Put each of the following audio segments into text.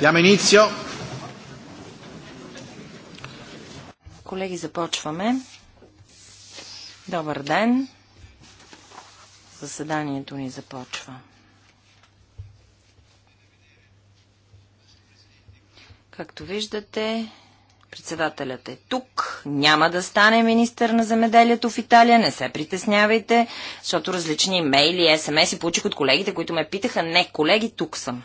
Diamo inizio. Колеги, започваме. Добър ден. Заседанието ни започва. Както виждате, председателят е тук. Няма да стане министър на земеделието в Италия. Не се притеснявайте, защото различни имейли и смс и получих от колегите, които ме питаха. Не, колеги, тук съм.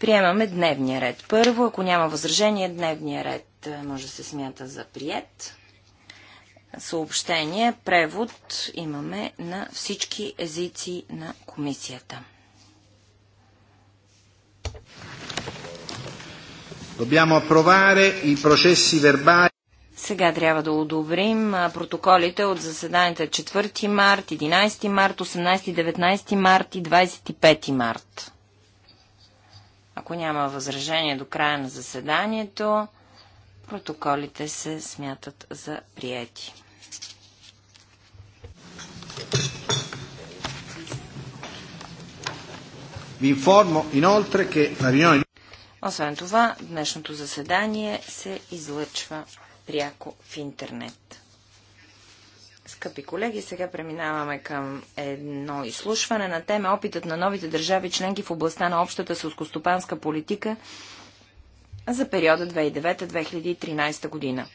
Приемаме дневния ред. Първо, ако няма възражение, дневния ред е, може да се смята за прият. Съобщение, превод имаме на всички езици на комисията. Сега трябва да одобрим протоколите от заседанията 4 март, 11 март, 18, 19 март и 25 март. Ако няма възражение до края на заседанието, протоколите се смятат за приети. Освен това, днешното заседание се излъчва пряко в интернет. Скъпи колеги, сега преминаваме към едно изслушване на тема Опитът на новите държави членки в областта на общата сълскостопанска политика за периода 2009-2013 година.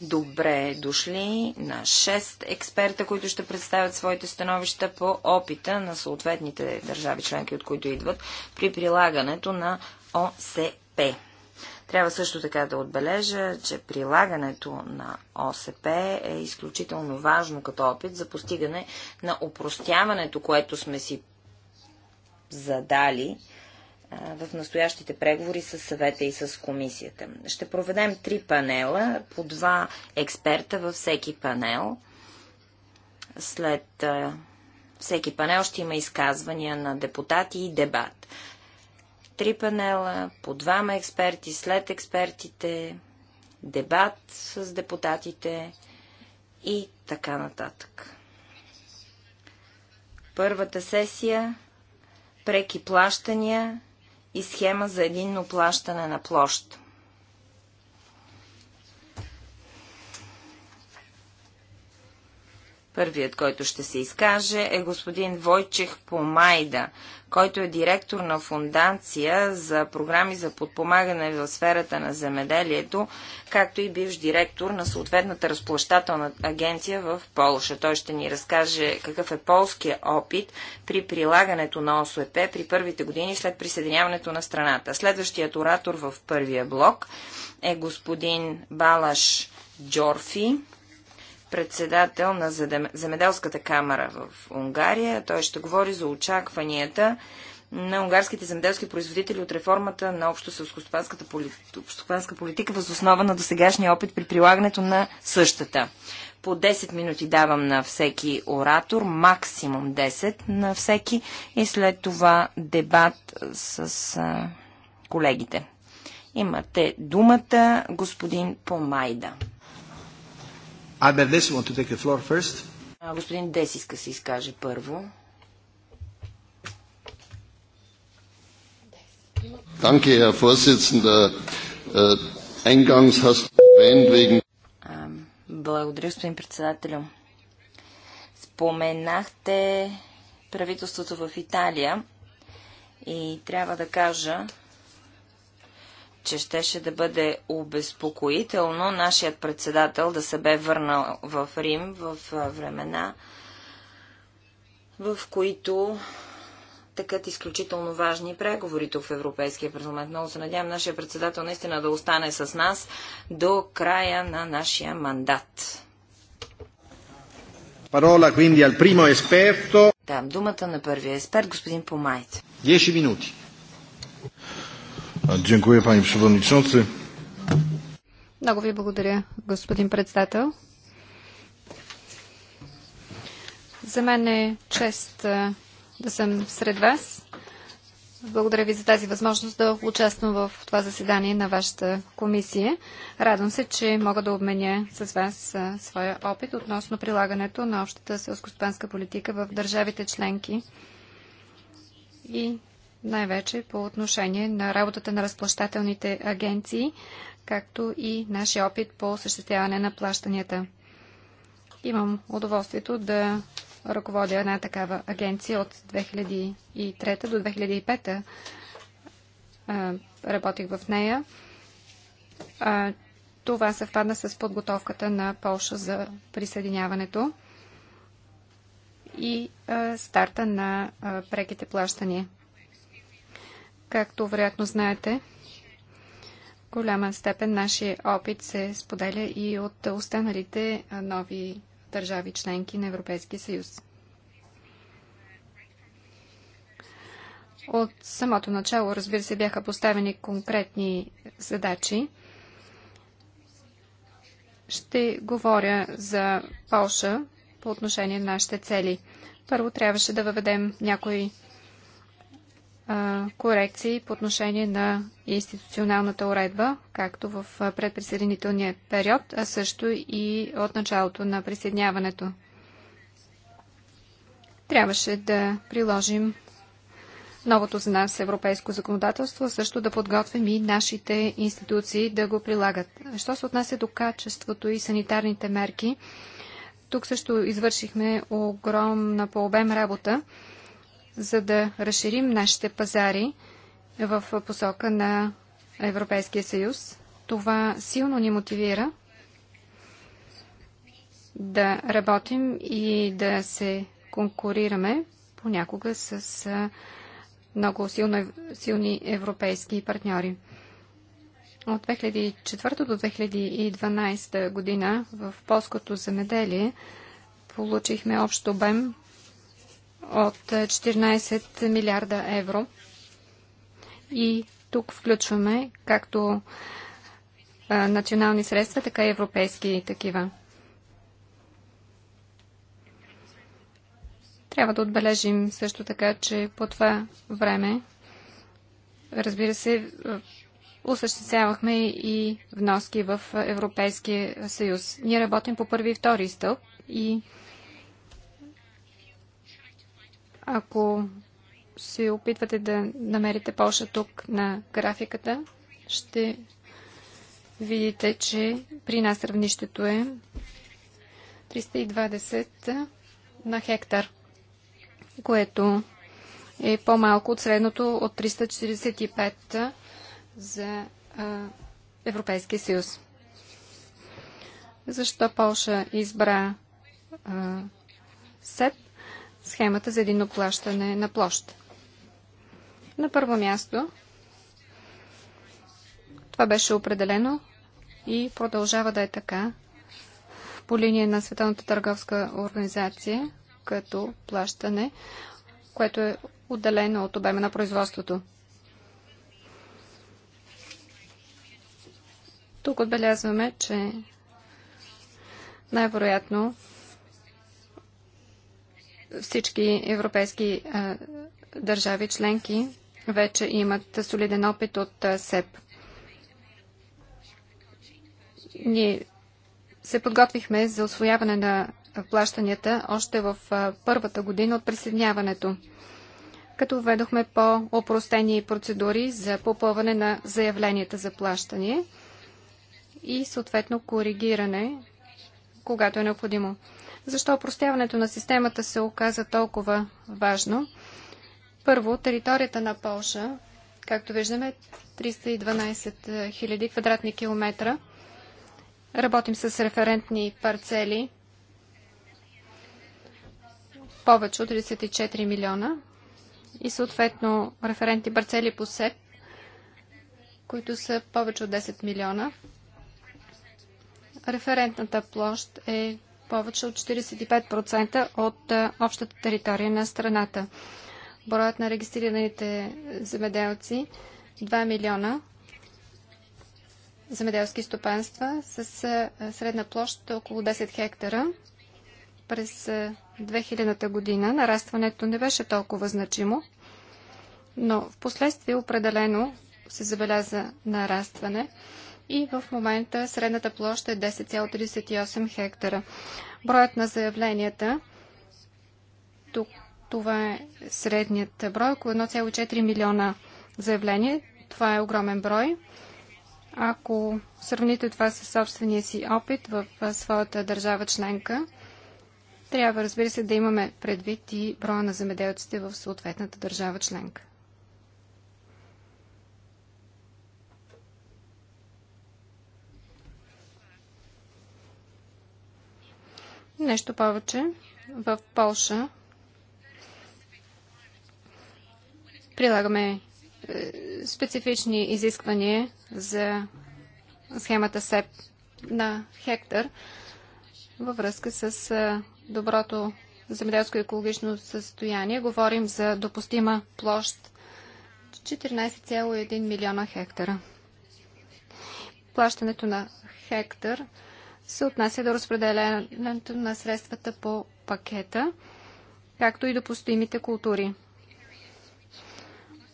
Добре дошли на 6 експерта, които ще представят своите становища по опита на съответните държави членки, от които идват при прилагането на ОСП. Трябва също така да отбележа, че прилагането на ОСП е изключително важно като опит за постигане на упростяването, което сме си задали в настоящите преговори с съвета и с комисията. Ще проведем три панела, по два експерта във всеки панел. След всеки панел ще има изказвания на депутати и дебат три панела, по двама експерти, след експертите, дебат с депутатите и така нататък. Първата сесия преки плащания и схема за единно плащане на площ. Първият, който ще се изкаже, е господин Войчех Помайда, който е директор на Фундация за програми за подпомагане в сферата на земеделието, както и бивш директор на съответната разплащателна агенция в Полша. Той ще ни разкаже какъв е полския опит при прилагането на ОСОЕП при първите години след присъединяването на страната. Следващият оратор в първия блок е господин Балаш Джорфи, председател на Земеделската камера в Унгария. Той ще говори за очакванията на унгарските земеделски производители от реформата на общо селскостопанската политика, възоснова въз основа на досегашния опит при прилагането на същата. По 10 минути давам на всеки оратор, максимум 10 на всеки и след това дебат с а, колегите. Имате думата господин Помайда. Albert want to take the floor first? господин Дес иска се изкаже първо. Danke, Herr Vorsitzender. Äh, eingangs hast du erwähnt wegen... Благодаря, господин председателю. Споменахте правителството в Италия и трябва да кажа, че щеше да бъде обезпокоително нашият председател да се бе върнал в Рим в времена, в които такът изключително важни преговори тук в Европейския парламент. Много се надявам нашия председател наистина да остане с нас до края на нашия мандат. Парола, quindi, al primo esperto. Да, думата на първия експерт, господин Помайт. 10 минути. Дякую, пани Шевоничонци. Много ви благодаря, господин председател. За мен е чест да съм сред вас. Благодаря ви за тази възможност да участвам в това заседание на вашата комисия. Радвам се, че мога да обменя с вас своя опит относно прилагането на общата селскостопанска политика в държавите членки и най-вече по отношение на работата на разплащателните агенции, както и нашия опит по осъществяване на плащанията. Имам удоволствието да ръководя една такава агенция от 2003 до 2005. работих в нея. това съвпадна с подготовката на Полша за присъединяването и старта на преките плащания. Както вероятно знаете, в голяма степен нашия опит се споделя и от останалите нови държави членки на Европейския съюз. От самото начало, разбира се, бяха поставени конкретни задачи. Ще говоря за Полша по отношение на нашите цели. Първо трябваше да въведем някои корекции по отношение на институционалната уредба, както в предприсъединителния период, а също и от началото на присъединяването. Трябваше да приложим новото за нас европейско законодателство, също да подготвим и нашите институции да го прилагат. Що се отнася до качеството и санитарните мерки, тук също извършихме огромна по обем работа за да разширим нашите пазари в посока на Европейския съюз. Това силно ни мотивира да работим и да се конкурираме понякога с много силно, силни европейски партньори. От 2004 до 2012 година в полското замеделие получихме общ обем от 14 милиарда евро. И тук включваме както национални средства, така и европейски такива. Трябва да отбележим също така, че по това време, разбира се, осъществявахме и вноски в Европейския съюз. Ние работим по първи и втори стълб и Ако се опитвате да намерите Польша тук на графиката, ще видите, че при нас равнището е 320 на хектар, което е по-малко от средното от 345 за Европейския съюз. Защо Полша избра а, СЕП? схемата за единно плащане на площ. На първо място това беше определено и продължава да е така по линия на Световната търговска организация като плащане, което е отделено от обема на производството. Тук отбелязваме, че най-вероятно всички европейски държави членки вече имат солиден опит от СЕП. Ние се подготвихме за освояване на плащанията още в първата година от присъединяването, като введохме по-опростени процедури за попълване на заявленията за плащане и съответно коригиране когато е необходимо. Защо простяването на системата се оказа толкова важно? Първо, територията на Полша, както виждаме, 312 000 квадратни километра. Работим с референтни парцели, повече от 34 милиона и съответно референтни парцели по СЕП, които са повече от 10 милиона референтната площ е повече от 45% от общата територия на страната. Броят на регистрираните земеделци 2 милиона земеделски стопанства с средна площ около 10 хектара. През 2000-та година нарастването не беше толкова значимо, но в последствие определено се забеляза нарастване и в момента средната площ е 10,38 хектара. Броят на заявленията, тук това е средният брой, около 1,4 милиона заявления. Това е огромен брой. Ако сравните това с собствения си опит в своята държава членка, трябва, разбира се, да имаме предвид и броя на земеделците в съответната държава членка. Нещо повече. В Полша прилагаме е, специфични изисквания за схемата СЕП на хектар във връзка с е, доброто земеделско и екологично състояние. Говорим за допустима площ 14,1 милиона хектара. Плащането на хектар се отнася до разпределението на средствата по пакета, както и до постоимите култури.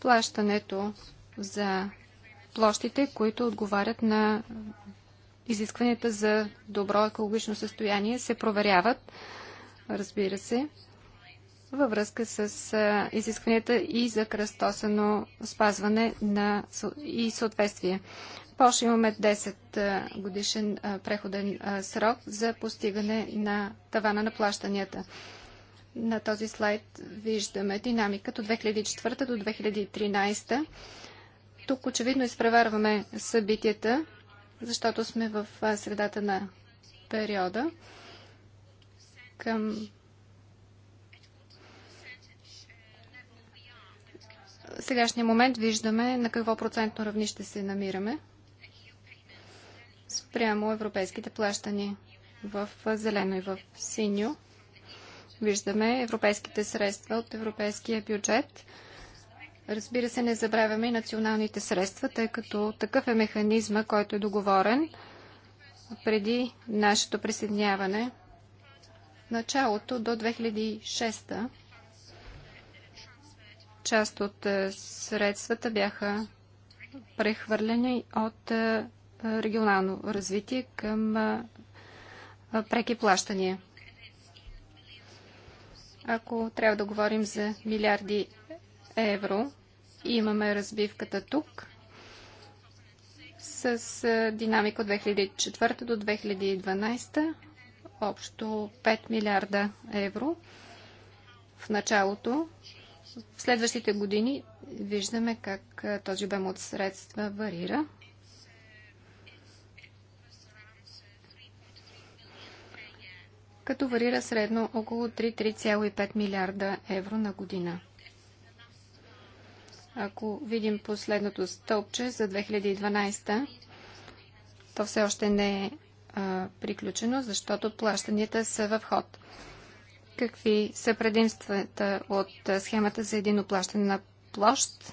Плащането за площите, които отговарят на изискванията за добро екологично състояние, се проверяват, разбира се, във връзка с изискванията и за кръстосано спазване на и съответствие. Польша имаме 10 годишен преходен срок за постигане на тавана на плащанията. На този слайд виждаме динамиката от 2004 до 2013. Тук очевидно изпреварваме събитията, защото сме в средата на периода. Към сегашния момент виждаме на какво процентно равнище се намираме спрямо европейските плащания в зелено и в синьо. Виждаме европейските средства от европейския бюджет. Разбира се, не забравяме и националните средства, тъй като такъв е механизма, който е договорен преди нашето присъединяване. Началото до 2006 част от е, средствата бяха прехвърлени от е, регионално развитие към преки плащания. Ако трябва да говорим за милиарди евро, имаме разбивката тук с динамика от 2004 до 2012, общо 5 милиарда евро в началото. В следващите години виждаме как този обем от средства варира. като варира средно около 3-3,5 милиарда евро на година. Ако видим последното стълбче за 2012, то все още не е а, приключено, защото плащанията са в ход. Какви са предимствата от схемата за едино плащане на площ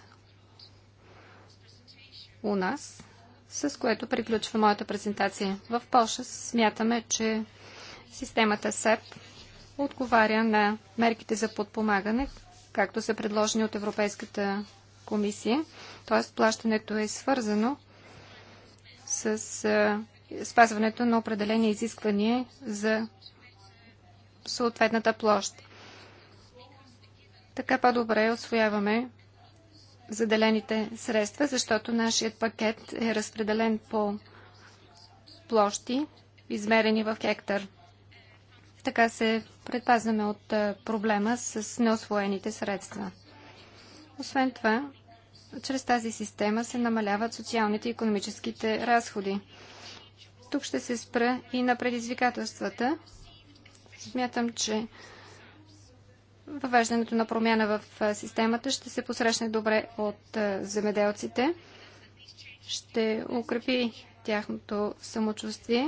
у нас, с което приключва моята презентация. В Польша смятаме, че Системата СЕП отговаря на мерките за подпомагане, както са предложени от Европейската комисия. Т.е. плащането е свързано с спазването на определени изисквания за съответната площ. Така по-добре освояваме заделените средства, защото нашият пакет е разпределен по площи, измерени в хектар. Така се предпазваме от проблема с неосвоените средства. Освен това, чрез тази система се намаляват социалните и економическите разходи. Тук ще се спра и на предизвикателствата. Смятам, че въвеждането на промяна в системата ще се посрещне добре от земеделците, ще укрепи тяхното самочувствие,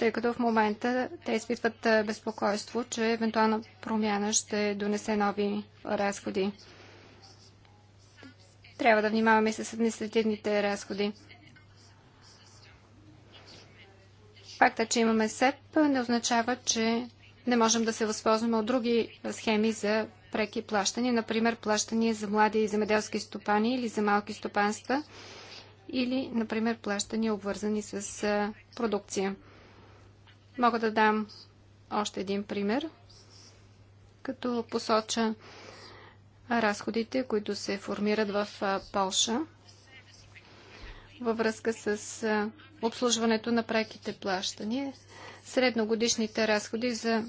тъй като в момента те изпитват безпокойство, че евентуална промяна ще донесе нови разходи. Трябва да внимаваме и с административните разходи. Факта, че имаме СЕП, не означава, че не можем да се възползваме от други схеми за преки плащания, например плащания за млади и земеделски стопани или за малки стопанства, или, например, плащания обвързани с продукция. Мога да дам още един пример, като посоча разходите, които се формират в Полша във връзка с обслужването на преките плащания, средногодишните разходи за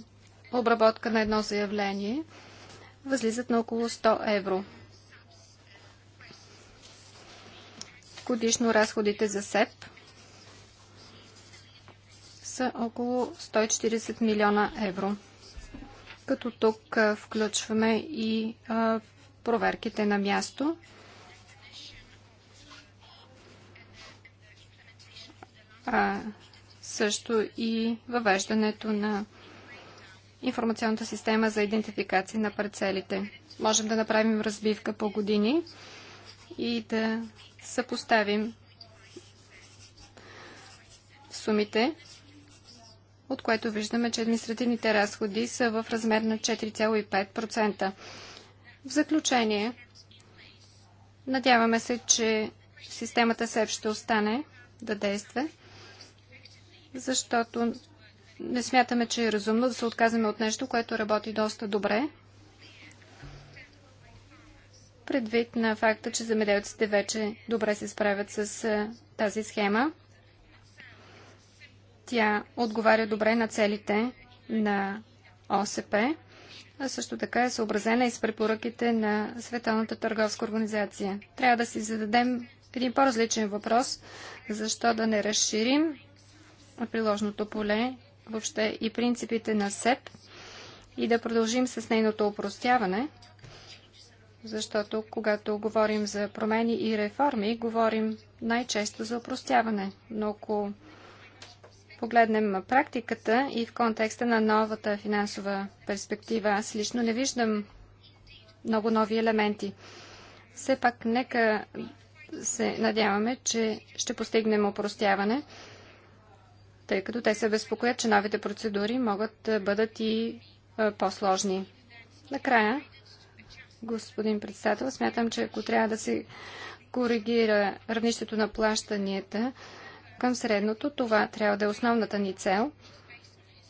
обработка на едно заявление възлизат на около 100 евро. Годишно разходите за СЕП – са около 140 милиона евро. Като тук включваме и проверките на място. А, също и въвеждането на информационната система за идентификация на парцелите. Можем да направим разбивка по години и да съпоставим сумите от което виждаме, че административните разходи са в размер на 4,5%. В заключение, надяваме се, че системата СЕП ще остане да действа, защото не смятаме, че е разумно да се отказваме от нещо, което работи доста добре, предвид на факта, че замеделците вече добре се справят с тази схема. Тя отговаря добре на целите на ОСП, а също така е съобразена и с препоръките на Световната търговска организация. Трябва да си зададем един по-различен въпрос, защо да не разширим приложното поле, въобще и принципите на СЕП и да продължим с нейното упростяване, защото когато говорим за промени и реформи, говорим най-често за упростяване. Но ако погледнем практиката и в контекста на новата финансова перспектива, аз лично не виждам много нови елементи. Все пак нека се надяваме, че ще постигнем опростяване, тъй като те се безпокоят, че новите процедури могат да бъдат и по-сложни. Накрая, господин председател, смятам, че ако трябва да се коригира равнището на плащанията, към средното. Това трябва да е основната ни цел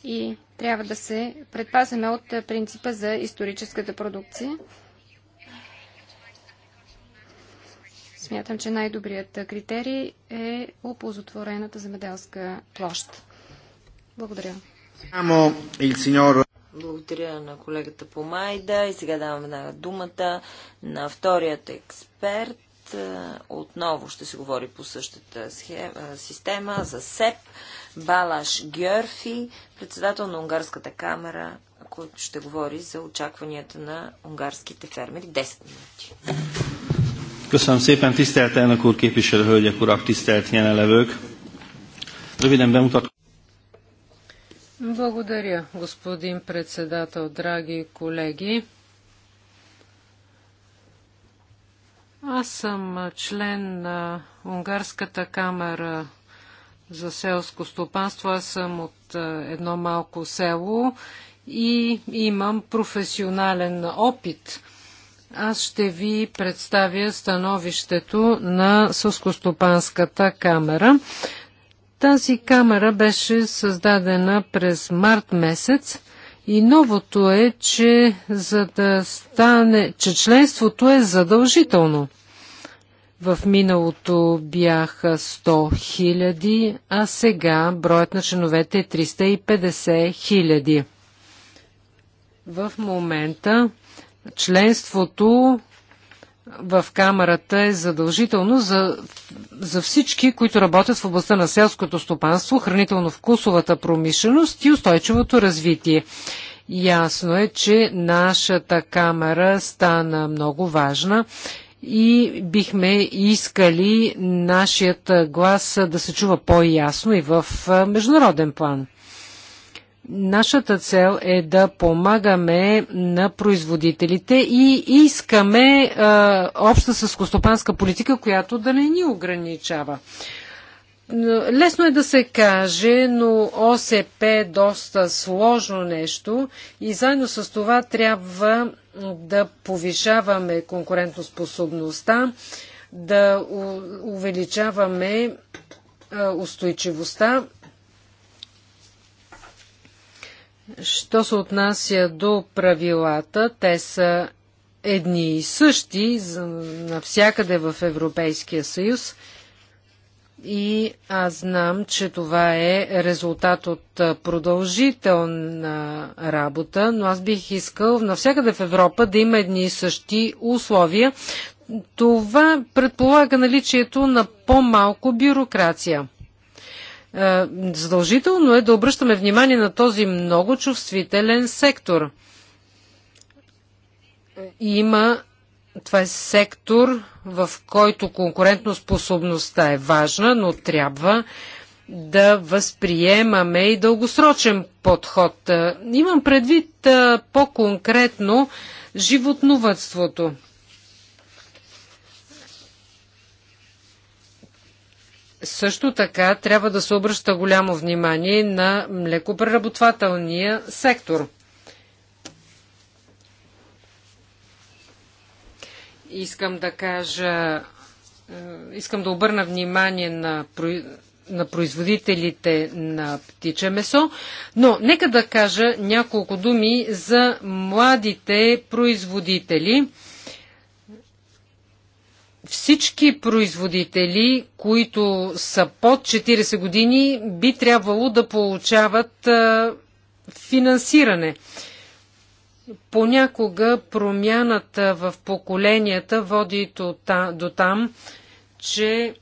и трябва да се предпазваме от е, принципа за историческата продукция. Смятам, че най-добрият е, критерий е оползотворената земеделска площ. Благодаря. Благодаря на колегата Помайда и сега давам веднага думата на вторият експерт, е, отново ще се говори по същата схема, е, система за СЕП. Балаш Гьорфи, председател на Унгарската камера, който ще говори за очакванията на унгарските фермери. 10 минути. Köszönöm szépen, tisztelt elnök úr, képviselő hölgyek, urak, tisztelt jelenlevők. Röviden bemutat. Благодаря, господин председател, драги колеги. Аз съм член на Унгарската камера за селско стопанство. Аз съм от едно малко село и имам професионален опит. Аз ще ви представя становището на Сълскостопанската камера. Тази камера беше създадена през март месец и новото е, че, за да стане, че членството е задължително. В миналото бяха 100 хиляди, а сега броят на членовете е 350 хиляди. В момента членството в камерата е задължително за, за всички, които работят в областта на селското стопанство, хранително-вкусовата промишленост и устойчивото развитие. Ясно е, че нашата камера стана много важна и бихме искали нашият глас да се чува по-ясно и в международен план. Нашата цел е да помагаме на производителите и искаме а, обща съскостопанска политика, която да не ни ограничава. Лесно е да се каже, но ОСП е доста сложно нещо и заедно с това трябва да повишаваме конкурентоспособността, да увеличаваме устойчивостта Що се отнася до правилата, те са едни и същи навсякъде в Европейския съюз. И аз знам, че това е резултат от продължителна работа, но аз бих искал навсякъде в Европа да има едни и същи условия. Това предполага наличието на по-малко бюрокрация. Е, задължително е да обръщаме внимание на този много чувствителен сектор. Има това е сектор, в който конкурентоспособността е важна, но трябва да възприемаме и дългосрочен подход. Е, имам предвид е, по-конкретно животновътството. Също така трябва да се обръща голямо внимание на млекопреработвателния сектор. Искам да кажа, е, искам да обърна внимание на, на производителите на птиче месо, но нека да кажа няколко думи за младите производители – всички производители, които са под 40 години, би трябвало да получават финансиране. Понякога промяната в поколенията води до там, че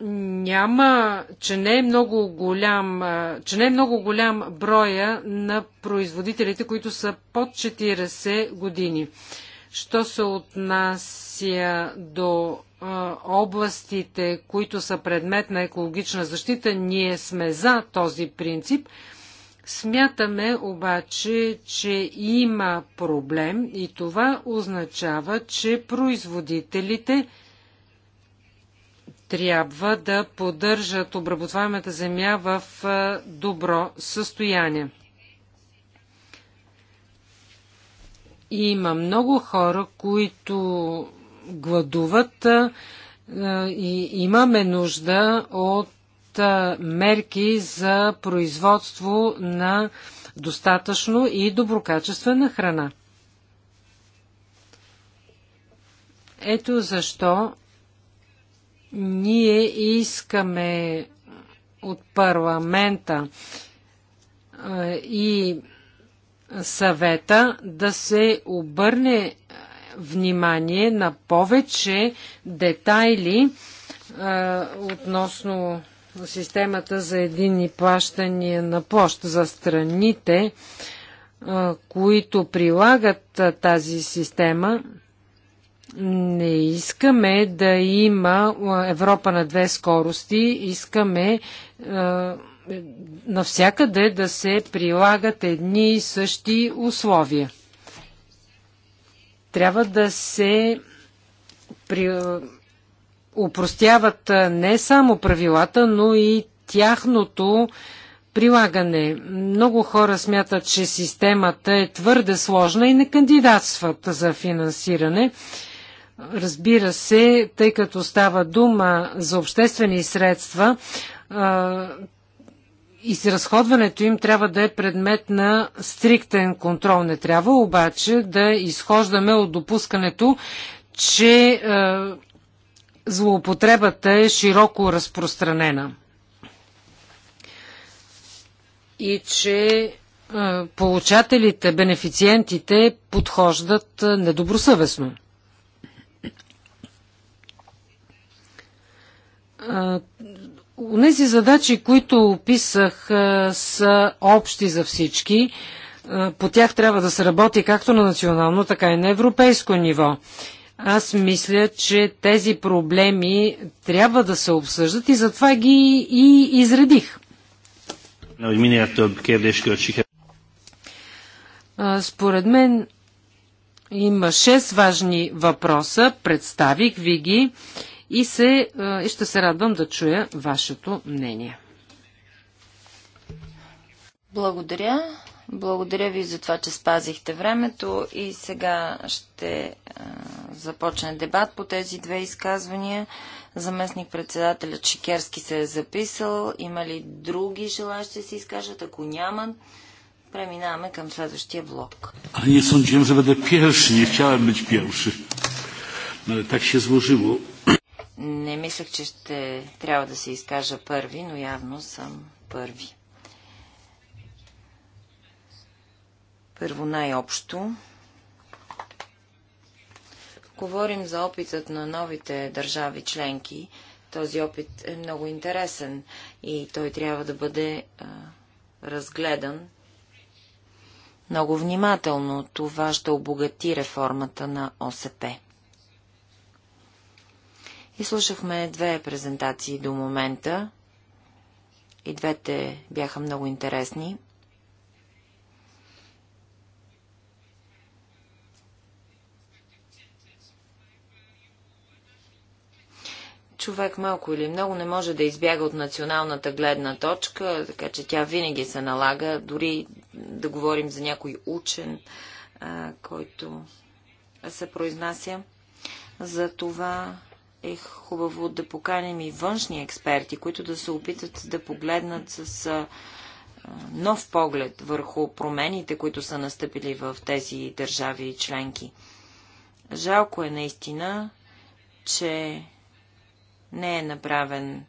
няма, че не е много голям, че не е много голям броя на производителите, които са под 40 години. Що се отнася до а, областите, които са предмет на екологична защита, ние сме за този принцип. Смятаме обаче, че има проблем и това означава, че производителите – трябва да поддържат обработваемата земя в добро състояние. има много хора, които гладуват и имаме нужда от мерки за производство на достатъчно и доброкачествена храна. Ето защо ние искаме от парламента е, и съвета да се обърне внимание на повече детайли а, е, относно системата за едини плащания на площ за страните, а, е, които прилагат тази система не искаме да има Европа на две скорости, искаме е, навсякъде да се прилагат едни и същи условия. Трябва да се при... упростяват не само правилата, но и тяхното прилагане. Много хора смятат, че системата е твърде сложна и не кандидатстват за финансиране. Разбира се, тъй като става дума за обществени средства, изразходването им трябва да е предмет на стриктен контрол. Не трябва обаче да изхождаме от допускането, че злоупотребата е широко разпространена и че получателите, бенефициентите подхождат недобросъвестно. Унези задачи, които описах, са общи за всички. По тях трябва да се работи както на национално, така и на европейско ниво. Аз мисля, че тези проблеми трябва да се обсъждат и затова ги и изредих. Според мен има шест важни въпроса. Представих ви ги и се, и ще се радвам да чуя вашето мнение. Благодаря. Благодаря ви за това, че спазихте времето и сега ще а, започне дебат по тези две изказвания. Заместник председателя Чикерски се е записал. Има ли други желащи да се изкажат? Ако няма, преминаваме към следващия блок. А не съм, че бъде пирши. Не хотявам бъде пирши. Но так се не мислех, че ще трябва да се изкажа първи, но явно съм първи. Първо най-общо. Говорим за опитът на новите държави членки. Този опит е много интересен и той трябва да бъде а, разгледан много внимателно. Това ще обогати реформата на ОСП. И слушахме две презентации до момента. И двете бяха много интересни. човек малко или много не може да избяга от националната гледна точка, така че тя винаги се налага, дори да говорим за някой учен, който се произнася за това е хубаво да поканим и външни експерти, които да се опитат да погледнат с нов поглед върху промените, които са настъпили в тези държави и членки. Жалко е наистина, че не е направен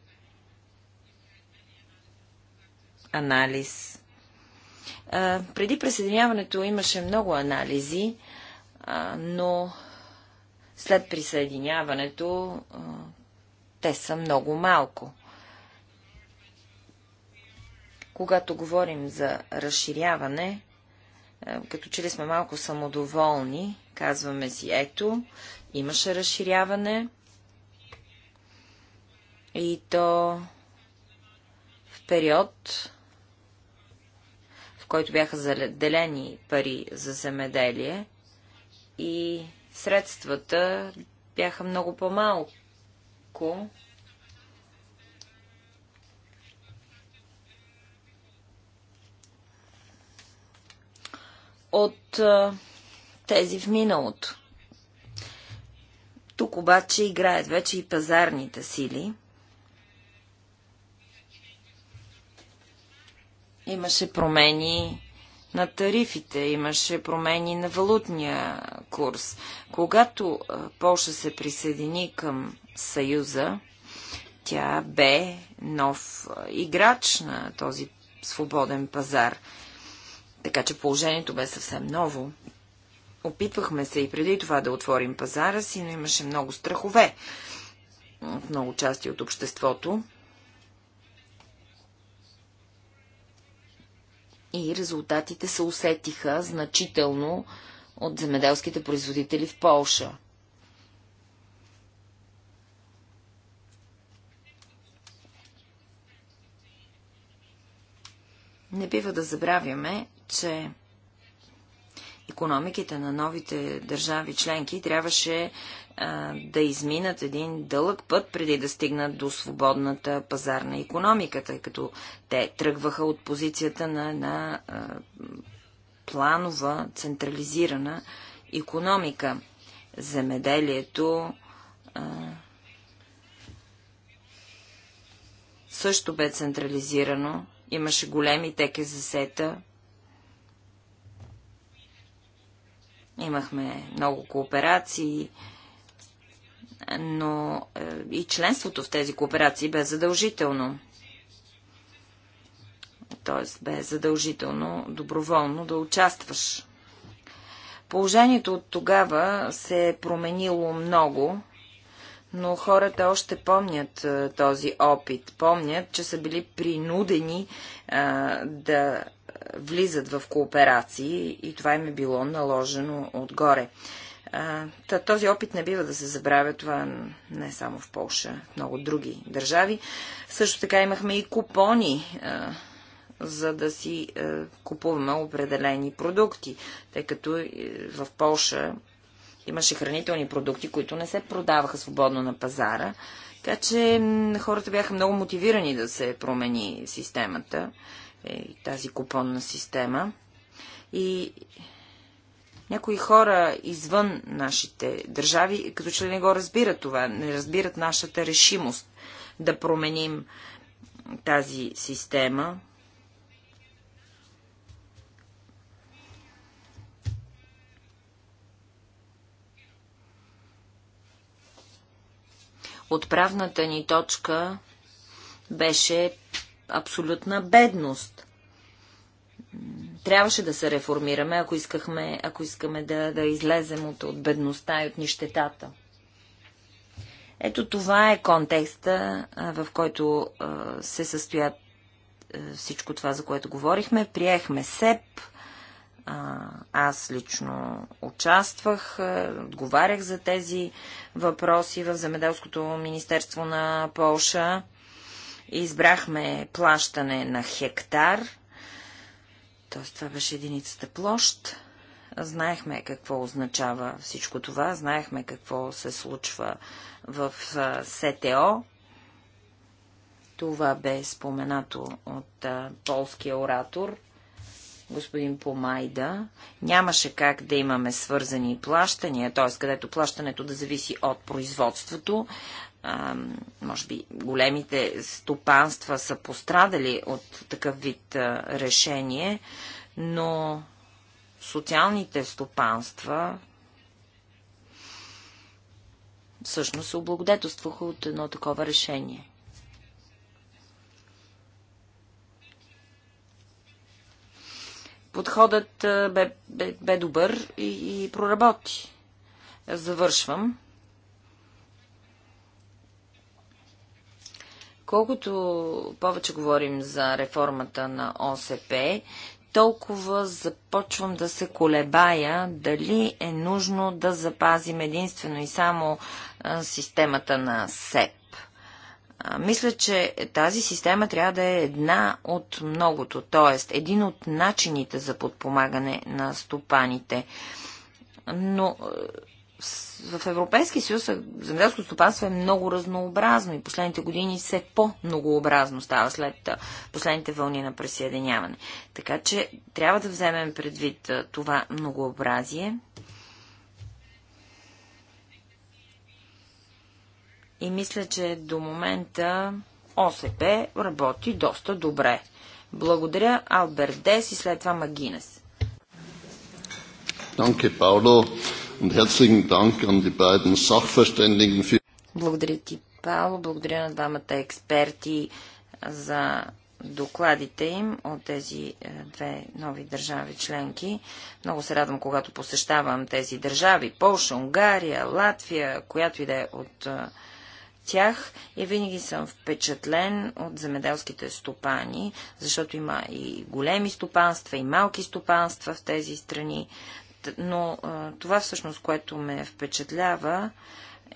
анализ. преди присъединяването имаше много анализи, но след присъединяването те са много малко. Когато говорим за разширяване, като че ли сме малко самодоволни, казваме си, ето, имаше разширяване и то в период, в който бяха заделени пари за земеделие и средствата бяха много по-малко. от тези в миналото. Тук обаче играят вече и пазарните сили. Имаше промени на тарифите, имаше промени на валутния курс. Когато Польша се присъедини към Съюза, тя бе нов играч на този свободен пазар. Така че положението бе съвсем ново. Опитвахме се и преди това да отворим пазара си, но имаше много страхове от много части от обществото. и резултатите се усетиха значително от земеделските производители в Полша. Не бива да забравяме, че економиките на новите държави членки трябваше а, да изминат един дълъг път преди да стигнат до свободната пазарна економика, тъй като те тръгваха от позицията на една планова, централизирана економика. Земеделието а, също бе централизирано. Имаше големи за засета, Имахме много кооперации, но е, и членството в тези кооперации бе задължително. Тоест бе задължително доброволно да участваш. Положението от тогава се е променило много, но хората още помнят е, този опит. Помнят, че са били принудени а, да влизат в кооперации и това им е било наложено отгоре. А, този опит не бива да се забравя. Това не е само в Польша, в много други държави. Също така имахме и купони, а, за да си а, купуваме определени продукти, тъй като е, в Польша имаше хранителни продукти, които не се продаваха свободно на пазара. Така че хората бяха много мотивирани да се промени системата, е, тази купонна система. И някои хора извън нашите държави, като че ли не го разбират това, не разбират нашата решимост да променим тази система Отправната ни точка беше абсолютна бедност. Трябваше да се реформираме, ако, искахме, ако искаме да, да излезем от, от бедността и от нищетата. Ето това е контекста, в който се състоят всичко това, за което говорихме. Приехме СЕП, аз лично участвах, е, отговарях за тези въпроси в Земеделското министерство на Полша. Избрахме плащане на хектар, т.е. това беше единицата площ. Знаехме какво означава всичко това, знаехме какво се случва в е, СТО. Това бе споменато от е, полския оратор – господин Помайда, нямаше как да имаме свързани плащания, т.е. където плащането да зависи от производството. А, може би големите стопанства са пострадали от такъв вид а, решение, но социалните стопанства всъщност се облагодетелстваха от едно такова решение. Подходът бе, бе, бе добър и, и проработи. Завършвам. Колкото повече говорим за реформата на ОСП, толкова започвам да се колебая дали е нужно да запазим единствено и само системата на СЕП мисля, че тази система трябва да е една от многото, т.е. един от начините за подпомагане на стопаните. Но е, в Европейския съюз е- земеделското стопанство е много разнообразно и последните години все по-многообразно става след е, последните вълни на присъединяване. Така че трябва да вземем предвид това многообразие И мисля, че до момента ОСП работи доста добре. Благодаря Алберт Дес и след това Магинес. Благодаря ти, Пауло. Благодаря на двамата експерти за докладите им от тези е, две нови държави членки. Много се радвам, когато посещавам тези държави. Полша, Унгария, Латвия, която иде от е, тях и винаги съм впечатлен от земеделските стопани, защото има и големи стопанства, и малки стопанства в тези страни. Но това всъщност, което ме впечатлява,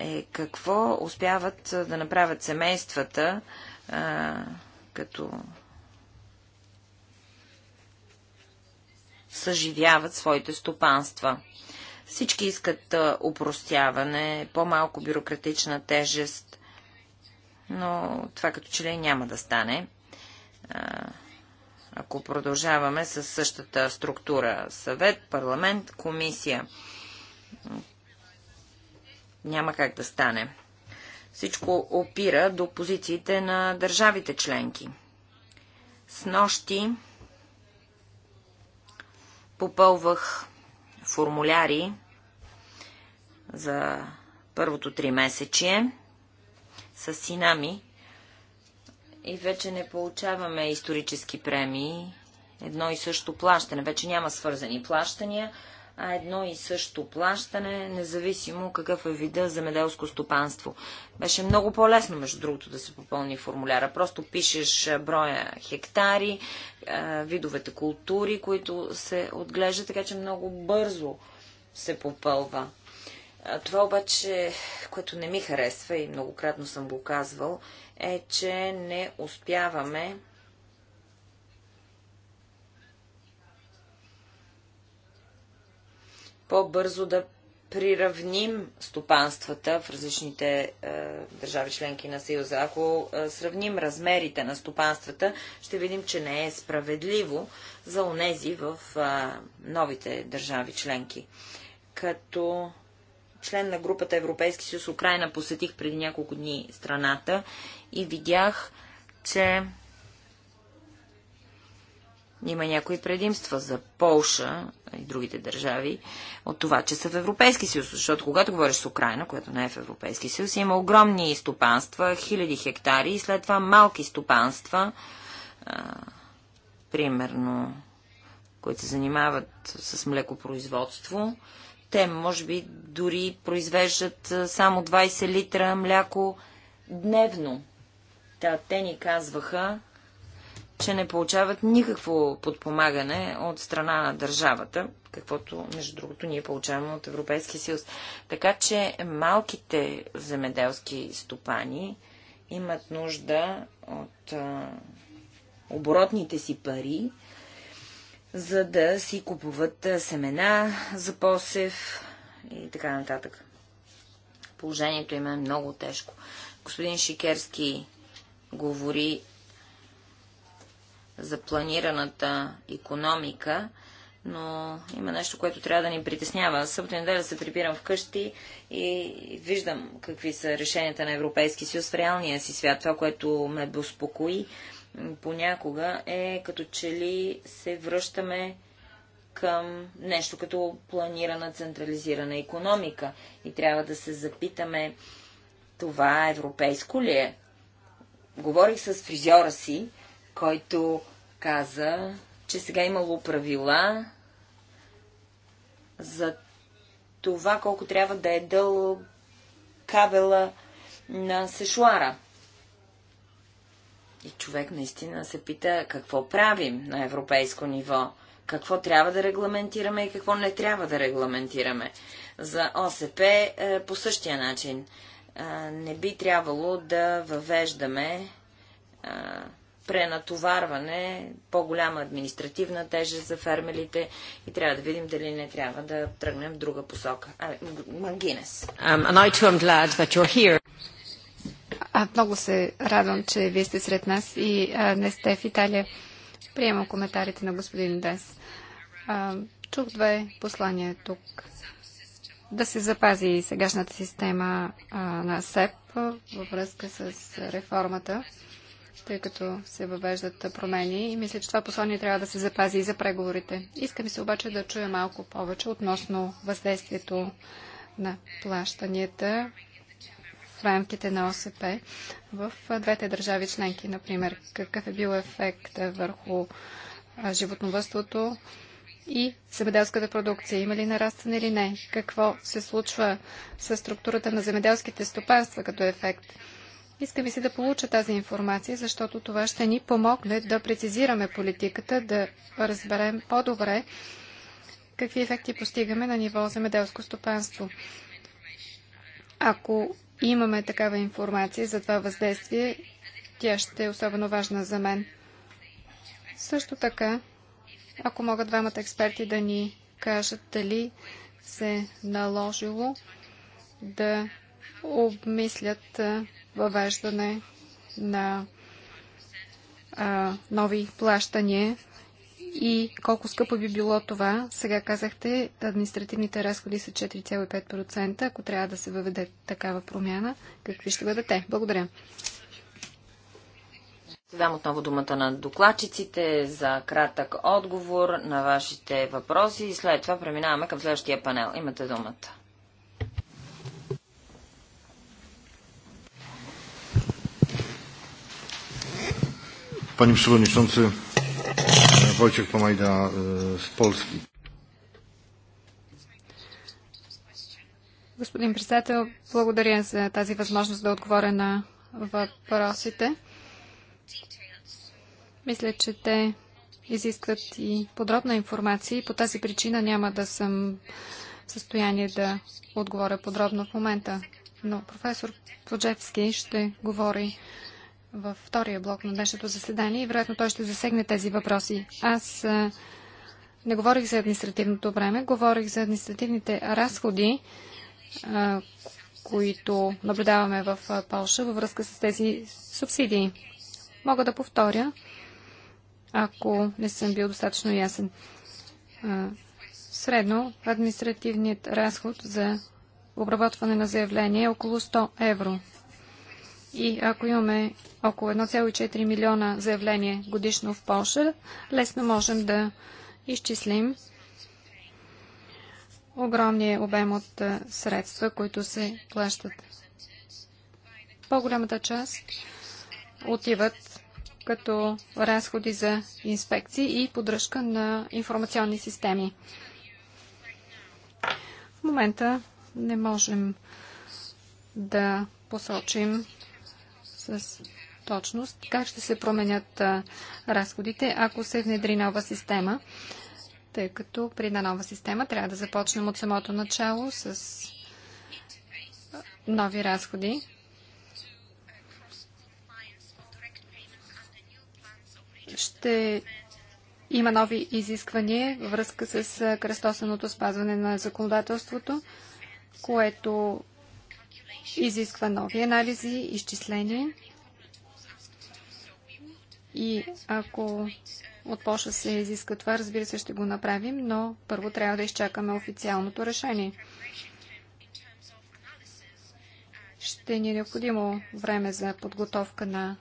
е какво успяват да направят семействата като съживяват своите стопанства. Всички искат упростяване, по-малко бюрократична тежест, но това като че ли няма да стане ако продължаваме с същата структура съвет, парламент, комисия. Няма как да стане. Всичко опира до позициите на държавите членки. С нощи попълвах формуляри за първото три месечие с Синами и вече не получаваме исторически премии. Едно и също плащане. Вече няма свързани плащания, а едно и също плащане, независимо какъв е вида меделско стопанство. Беше много по-лесно, между другото, да се попълни формуляра. Просто пишеш броя хектари, видовете култури, които се отглеждат, така че много бързо се попълва. Това обаче, което не ми харесва и многократно съм го казвал, е, че не успяваме по-бързо да приравним стопанствата в различните е, държави членки на Съюза. Ако е, сравним размерите на стопанствата, ще видим, че не е справедливо за онези в е, новите държави членки. Като член на групата Европейски съюз Украина, посетих преди няколко дни страната и видях, че има някои предимства за Полша и другите държави от това, че са в Европейски съюз. Защото когато говориш с Украина, която не е в Европейски съюз, има огромни стопанства, хиляди хектари и след това малки стопанства, примерно, които се занимават с млекопроизводство те, може би, дори произвеждат само 20 литра мляко дневно. Та, те ни казваха, че не получават никакво подпомагане от страна на държавата, каквото, между другото, ние получаваме от Европейския съюз. Така че малките земеделски стопани имат нужда от а, оборотните си пари за да си купуват семена за посев и така нататък. Положението им е много тежко. Господин Шикерски говори за планираната економика, но има нещо, което трябва да ни притеснява. Събто неделя се прибирам вкъщи и виждам какви са решенията на Европейски съюз в реалния си свят. Това, което ме беспокои, понякога е като че ли се връщаме към нещо като планирана централизирана економика и трябва да се запитаме това европейско ли е. Говорих с фризьора си, който каза, че сега имало правила за това колко трябва да е дълъг кабела на сешуара. И човек наистина се пита какво правим на европейско ниво, какво трябва да регламентираме и какво не трябва да регламентираме. За ОСП е, по същия начин не би трябвало да въвеждаме пренатоварване, по-голяма административна тежест за фермелите и трябва да видим дали не трябва да тръгнем в друга посока. Мангинес. Магинес. Um, а, много се радвам, че вие сте сред нас и а, не сте в Италия. Приемам коментарите на господин Дес. А, чух две послания тук. Да се запази сегашната система а, на СЕП във връзка с реформата, тъй като се въвеждат промени и мисля, че това послание трябва да се запази и за преговорите. Искам се обаче да чуя малко повече относно въздействието на плащанията в рамките на ОСП в двете държави членки, например, какъв е бил ефект върху животновътството и земеделската продукция. Има ли нарастване или не? Какво се случва с структурата на земеделските стопанства като ефект? Искам и се да получа тази информация, защото това ще ни помогне да прецизираме политиката, да разберем по-добре какви ефекти постигаме на ниво земеделско стопанство. Ако имаме такава информация за това въздействие, тя ще е особено важна за мен. Също така, ако могат двамата експерти да ни кажат дали се наложило да обмислят въвеждане на а, нови плащания и колко скъпо би било това. Сега казахте, административните разходи са 4,5%. Ако трябва да се въведе такава промяна, какви ще бъдат те? Благодаря. Ще дам отново думата на докладчиците за кратък отговор на вашите въпроси и след това преминаваме към следващия панел. Имате думата. Panie Przewodniczący, Wojciech Pomajda e, z Polski. Господин председател, благодаря за тази възможност да отговоря на въпросите. Мисля, че те изискват и подробна информация и по тази причина няма да съм в състояние да отговоря подробно в момента. Но професор Поджевски ще говори във втория блок на днешното заседание и вероятно той ще засегне тези въпроси. Аз не говорих за административното време, говорих за административните разходи, които наблюдаваме в Польша във връзка с тези субсидии. Мога да повторя, ако не съм бил достатъчно ясен. Средно административният разход за обработване на заявление е около 100 евро. И ако имаме около 1,4 милиона заявления годишно в Польша, лесно можем да изчислим огромния обем от средства, които се плащат. По-голямата част отиват като разходи за инспекции и поддръжка на информационни системи. В момента не можем да посочим с точност как ще се променят разходите, ако се внедри нова система, тъй като при една нова система трябва да започнем от самото начало с нови разходи. Ще има нови изисквания във връзка с кръстосаното спазване на законодателството, което изисква нови анализи, изчисления. И ако от Польша се изиска това, разбира се, ще го направим, но първо трябва да изчакаме официалното решение. Ще ни е необходимо време за подготовка на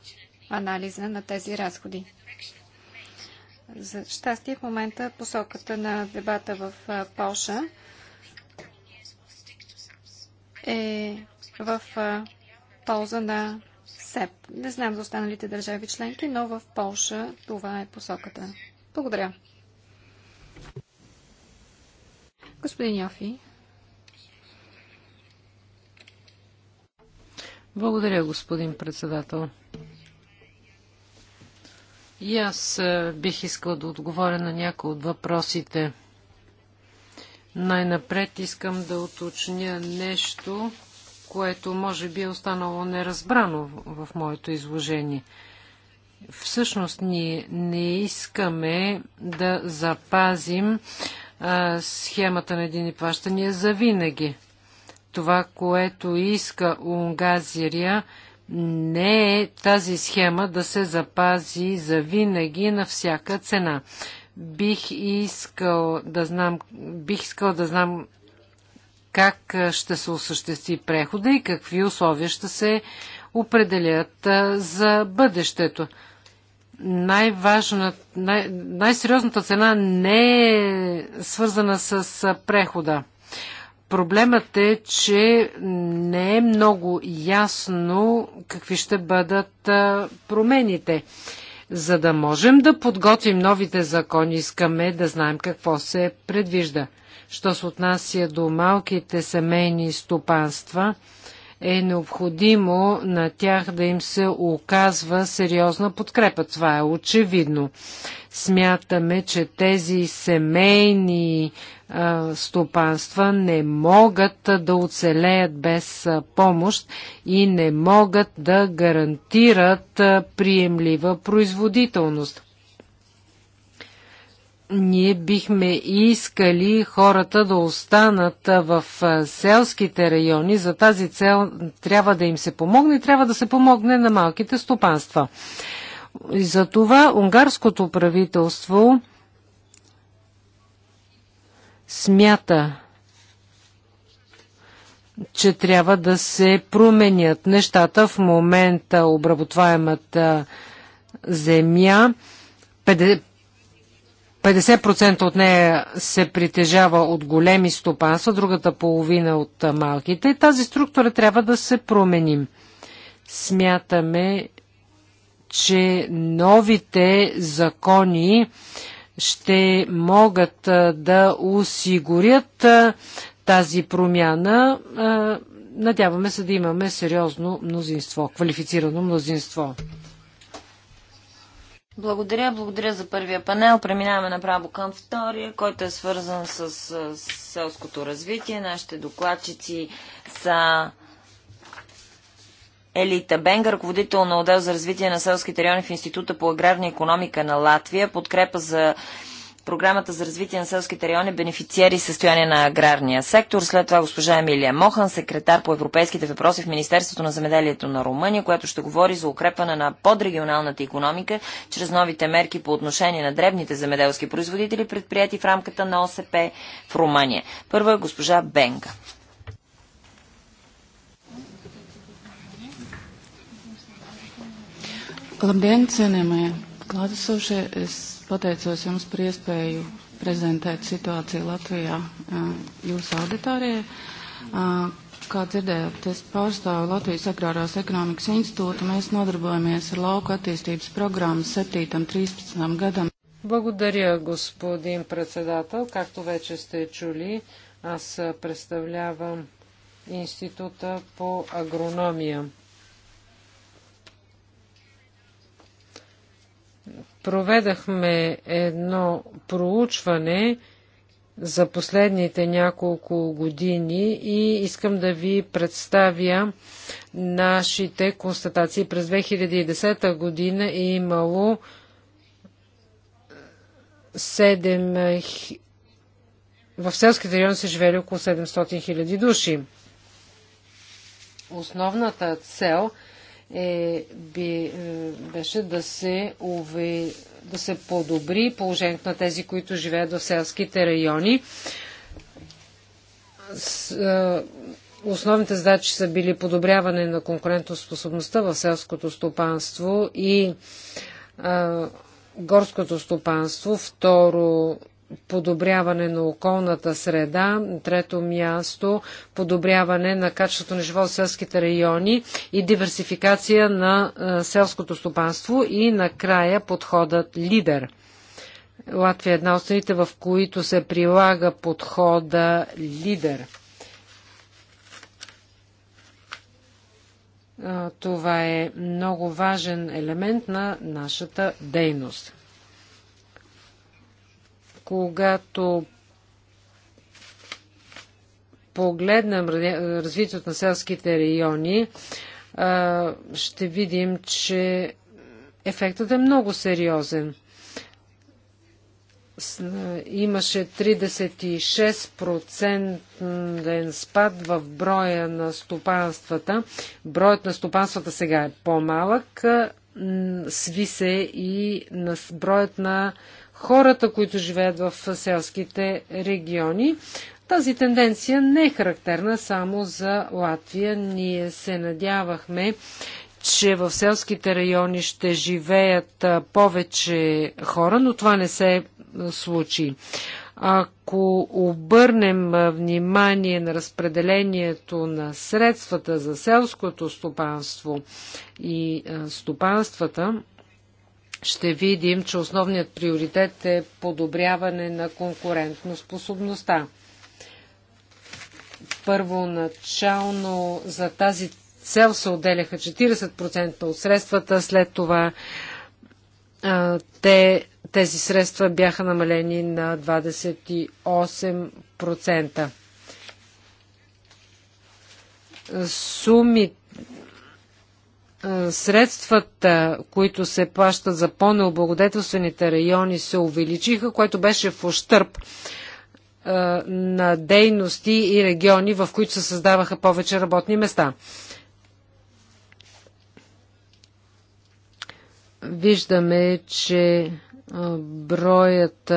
анализа на тези разходи. За щастие в момента посоката на дебата в Польша е в полза на СЕП. Не знам за останалите държави членки, но в Полша това е посоката. Благодаря. Господин Йофи. Благодаря, господин председател. И аз бих искал да отговоря на някои от въпросите. Най-напред искам да уточня нещо което може би е останало неразбрано в, моето изложение. Всъщност ние не искаме да запазим а, схемата на едини плащания за винаги. Това, което иска Унгазирия, не е тази схема да се запази за винаги на всяка цена. Бих искал да знам, бих искал да знам как ще се осъществи прехода и какви условия ще се определят за бъдещето. Най-важна, най- най сериозната най цена не е свързана с прехода. Проблемът е, че не е много ясно какви ще бъдат промените. За да можем да подготвим новите закони, искаме да знаем какво се предвижда. Що се отнася до малките семейни стопанства, е необходимо на тях да им се оказва сериозна подкрепа. Това е очевидно. Смятаме, че тези семейни стопанства не могат да оцелеят без помощ и не могат да гарантират приемлива производителност. Ние бихме искали хората да останат в селските райони. За тази цел трябва да им се помогне и трябва да се помогне на малките стопанства. И за това унгарското правителство смята, че трябва да се променят нещата. В момента обработваемата земя 50% от нея се притежава от големи стопанства, другата половина от малките. И тази структура трябва да се променим. Смятаме, че новите закони ще могат да осигурят тази промяна. Надяваме се да имаме сериозно мнозинство, квалифицирано мнозинство. Благодаря, благодаря за първия панел. Преминаваме направо към втория, който е свързан с, с селското развитие. Нашите докладчици са Елита Бенга, ръководител на отдел за развитие на селските райони в Института по аграрна економика на Латвия, подкрепа за програмата за развитие на селските райони, бенефициери и състояние на аграрния сектор. След това госпожа Емилия Мохан, секретар по европейските въпроси в Министерството на земеделието на Румъния, която ще говори за укрепване на подрегионалната економика чрез новите мерки по отношение на дребните земеделски производители, предприяти в рамката на ОСП в Румъния. Първа е госпожа Бенга. Labdien, cienījamie klātesošie! Es pateicos jums par iespēju prezentēt situāciju Latvijā jūsu auditorijai. Kā dzirdējāt, es pārstāvu Latvijas Agrārās ekonomikas institūtu. Mēs nodarbojamies ar lauku attīstības programmu 7-13 годам. Благодаря, господин председател. Както вече сте чули, аз представлявам Института по агрономия. проведахме едно проучване за последните няколко години и искам да ви представя нашите констатации. През 2010 година е имало 7... В селските райони са живели около 700 000 души. Основната цел е, би, е, беше да се, уве, да се подобри положението на тези, които живеят в селските райони. С, е, основните задачи са били подобряване на конкурентоспособността в селското стопанство и е, горското стопанство. Второ, подобряване на околната среда, трето място подобряване на качеството на живот в селските райони и диверсификация на селското стопанство и накрая подходът лидер. Латвия е една от страните, в които се прилага подхода лидер. Това е много важен елемент на нашата дейност когато погледнем развитието на селските райони, ще видим, че ефектът е много сериозен. Имаше 36% спад в броя на стопанствата. Броят на стопанствата сега е по-малък. Сви се и на броят на хората, които живеят в селските региони. Тази тенденция не е характерна само за Латвия. Ние се надявахме, че в селските райони ще живеят повече хора, но това не се случи. Ако обърнем внимание на разпределението на средствата за селското стопанство и стопанствата, ще видим, че основният приоритет е подобряване на конкурентноспособността. Първоначално за тази цел се отделяха 40% от средствата, след това те, тези средства бяха намалени на 28%. Сумите е, средствата, които се плащат за по-необлагодетелствените райони, се увеличиха, което беше в ощърп е, на дейности и региони, в които се създаваха повече работни места. Виждаме, че е, броят.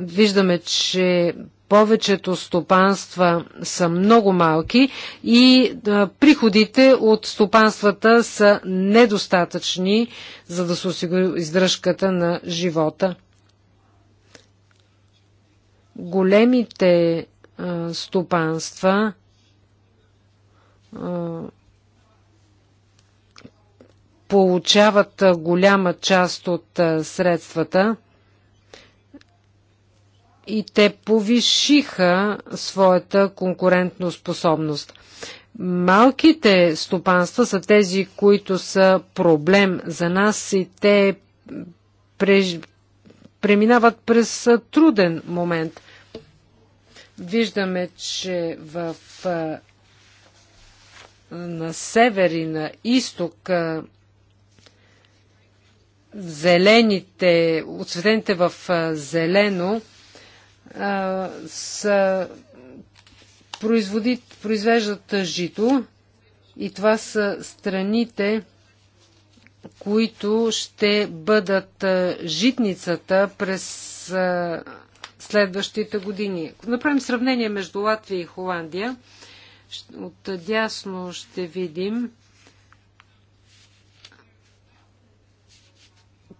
Виждаме, че повечето стопанства са много малки и приходите от стопанствата са недостатъчни, за да се осигури издръжката на живота. Големите стопанства получават голяма част от средствата и те повишиха своята конкурентно способност. Малките стопанства са тези, които са проблем за нас и те преж... преминават през труден момент. Виждаме, че в на север и на изток зелените, отцветените в зелено а, са, произвеждат жито и това са страните, които ще бъдат житницата през а, следващите години. Ако направим сравнение между Латвия и Холандия, от дясно ще видим,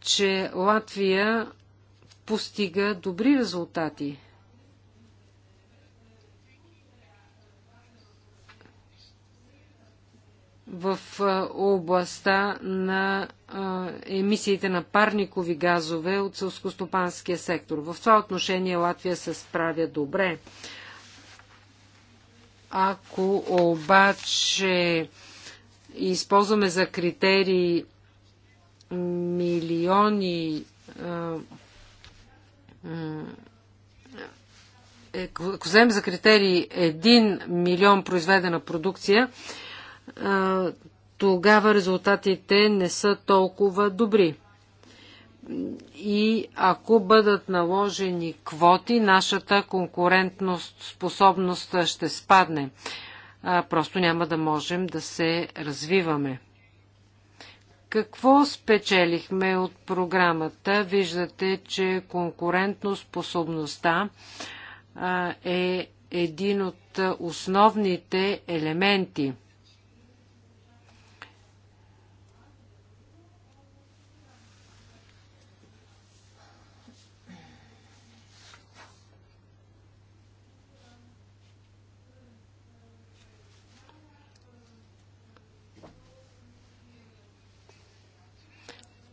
че Латвия постига добри резултати. в областта на емисиите на парникови газове от сълскостопанския сектор. В това отношение Латвия се справя добре. Ако обаче използваме за критерии милиони е, ако вземем за критерии 1 милион произведена продукция, тогава резултатите не са толкова добри. И ако бъдат наложени квоти, нашата конкурентност, способност ще спадне. Просто няма да можем да се развиваме. Какво спечелихме от програмата? Виждате, че конкурентно способността е един от основните елементи –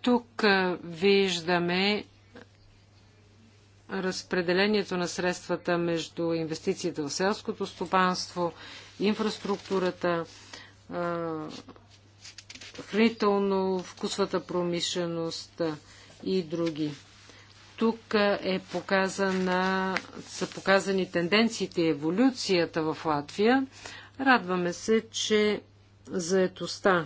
Тук виждаме разпределението на средствата между инвестициите в селското стопанство, инфраструктурата, хранително-вкусвата промишленост и други. Тук е показана, са показани тенденциите и еволюцията в Латвия. Радваме се, че заетостта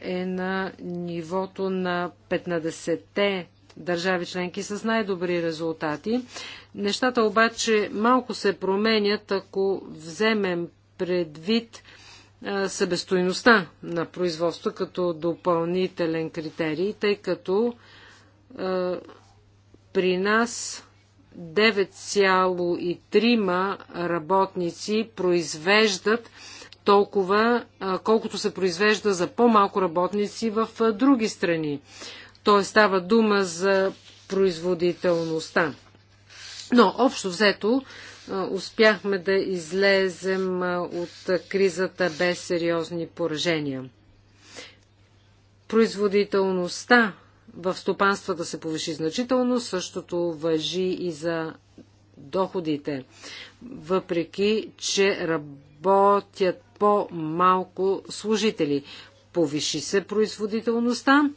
е на нивото на 15-те държави членки с най-добри резултати. Нещата обаче малко се променят, ако вземем предвид събестоиността на производство като допълнителен критерий, тъй като е, при нас 9,3 работници произвеждат толкова, колкото се произвежда за по-малко работници в други страни. Той става дума за производителността. Но общо взето успяхме да излезем от кризата без сериозни поражения. Производителността в стопанствата се повиши значително, същото въжи и за доходите. Въпреки, че работят по-малко служители. Повиши се производителността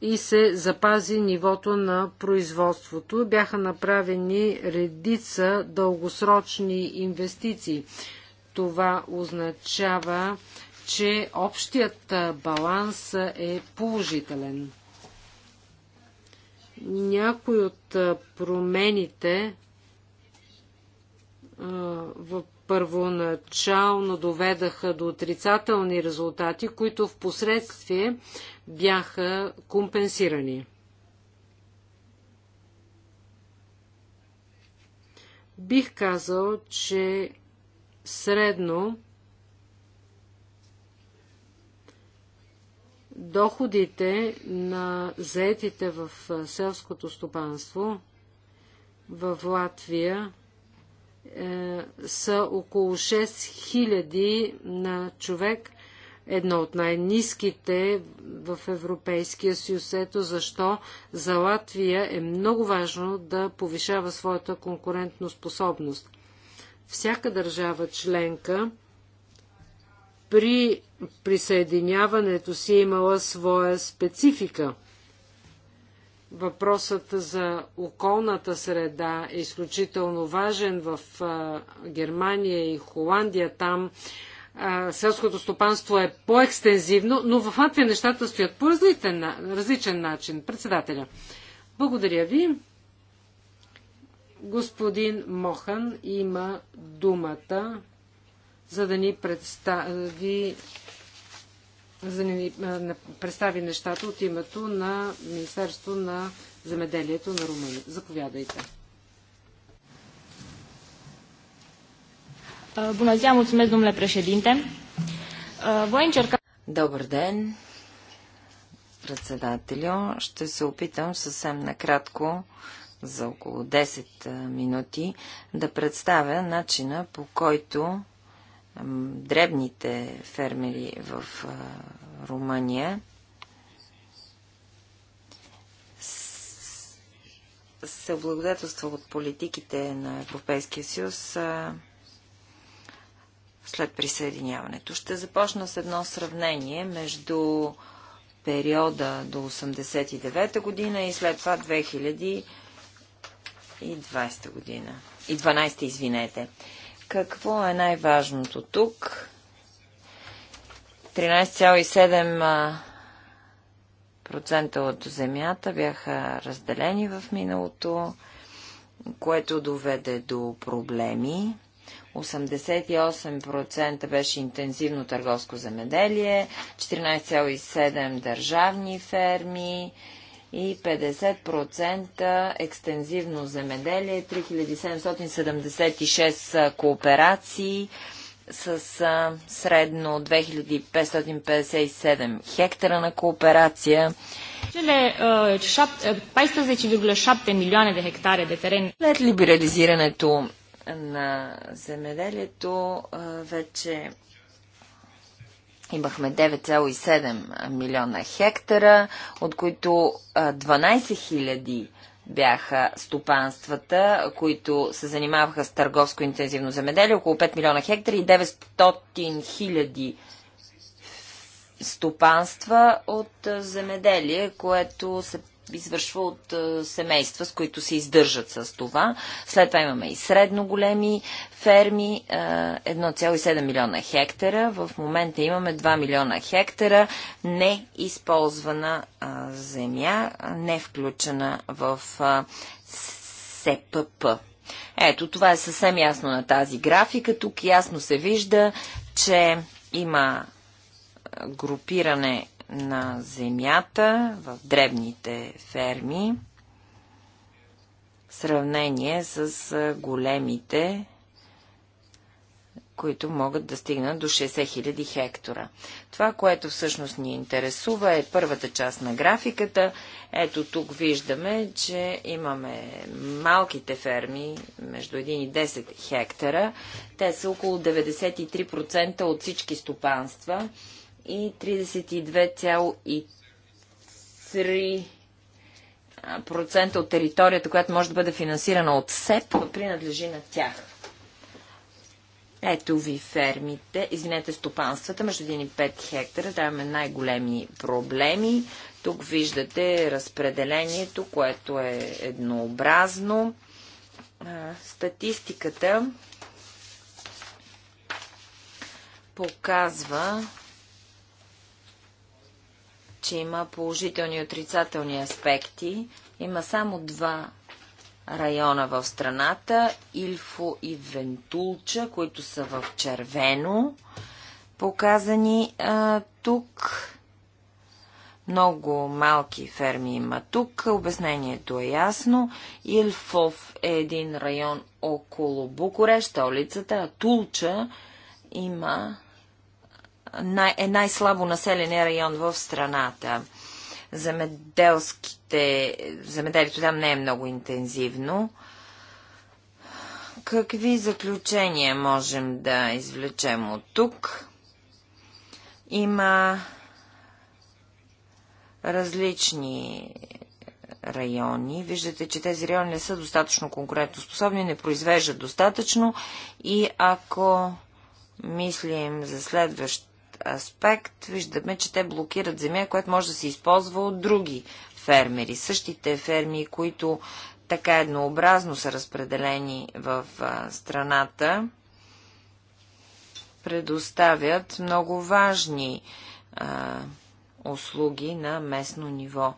и се запази нивото на производството. Бяха направени редица дългосрочни инвестиции. Това означава, че общият баланс е положителен. Някои от промените в първоначално доведаха до отрицателни резултати, които в последствие бяха компенсирани. Бих казал, че средно доходите на заетите в селското стопанство в Латвия е, са около 6000 на човек, едно от най-низките в Европейския съюз. Ето защо за Латвия е много важно да повишава своята конкурентно способност. Всяка държава членка при присъединяването си е имала своя специфика. Въпросът за околната среда е изключително важен в Германия и Холандия. Там селското стопанство е по-екстензивно, но в Латвия нещата стоят по различен, различен начин. Председателя. Благодаря ви. Господин Мохан има думата, за да ни представи за да ни представи нещата от името на Министерство на земеделието на Румъния. Заповядайте. Добър ден, председателю. Ще се опитам съвсем накратко за около 10 минути да представя начина по който дребните фермери в Румъния се облагодетелства от политиките на Европейския съюз след присъединяването. Ще започна с едно сравнение между периода до 89-та година и след това 2020 година. И 12 извинете. Какво е най-важното тук? 13,7% от земята бяха разделени в миналото, което доведе до проблеми. 88% беше интензивно търговско земеделие, 14,7% държавни ферми, и 50% екстензивно земеделие, 3776 кооперации с средно 2557 хектара на кооперация. Cele uh, 14,7 милиона хектара de След либерализирането на земеделието вече Имахме 9,7 милиона хектара, от които 12 хиляди бяха стопанствата, които се занимаваха с търговско интензивно земеделие, около 5 милиона хектара и 900 хиляди стопанства от земеделие, което се извършва от е, семейства, с които се издържат с това. След това имаме и средно големи ферми, 1,7 е, милиона хектара. В момента имаме 2 милиона хектара неизползвана е, земя, не включена в СПП. Ето, това е съвсем ясно на тази графика. Тук ясно се вижда, че има групиране на земята в дребните ферми в сравнение с големите, които могат да стигнат до 60 000 хектора. Това, което всъщност ни интересува е първата част на графиката. Ето тук виждаме, че имаме малките ферми между 1 и 10 хектара. Те са около 93% от всички стопанства и 32,3% от територията, която може да бъде финансирана от СЕП, принадлежи на тях. Ето ви фермите, извинете, стопанствата между 1 и 5 хектара. даваме най-големи проблеми. Тук виждате разпределението, което е еднообразно. Статистиката показва, че има положителни и отрицателни аспекти. Има само два района в страната, Ильфо и Вентулча, които са в червено, показани а, тук. Много малки ферми има тук. Обяснението е ясно. Илфов е един район около Букурещ, столицата, а Тулча има е най-слабо населения район в страната. Замеделските, замеделието там не е много интензивно. Какви заключения можем да извлечем от тук? Има различни райони. Виждате, че тези райони не са достатъчно конкурентоспособни, не произвеждат достатъчно и ако мислим за следващ аспект виждаме, че те блокират земя, която може да се използва от други фермери. Същите ферми, които така еднообразно са разпределени в страната, предоставят много важни а, услуги на местно ниво.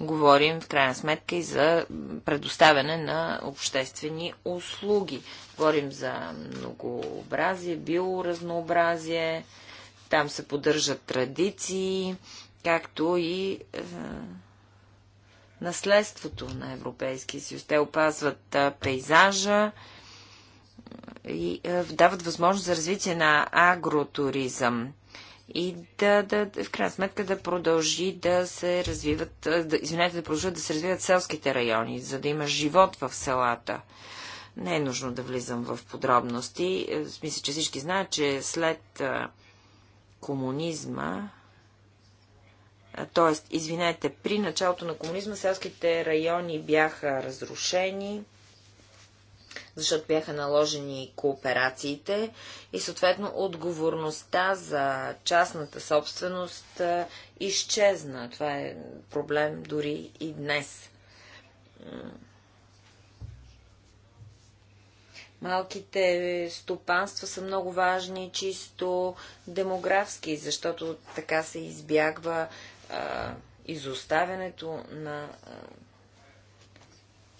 Говорим в крайна сметка и за предоставяне на обществени услуги. Говорим за многообразие, биоразнообразие, там се поддържат традиции, както и е, наследството на Европейския съюз. Те опазват е, пейзажа е, и е, дават възможност за развитие на агротуризъм и да, да, в крайна сметка да продължи да се развиват, е, да, извинете, да продължат да се развиват селските райони, за да има живот в селата. Не е нужно да влизам в подробности. Е, мисля, че всички знаят, че след комунизма, т.е. извинете, при началото на комунизма селските райони бяха разрушени, защото бяха наложени кооперациите и съответно отговорността за частната собственост изчезна. Това е проблем дори и днес. Малките стопанства са много важни чисто демографски, защото така се избягва а, изоставянето на а,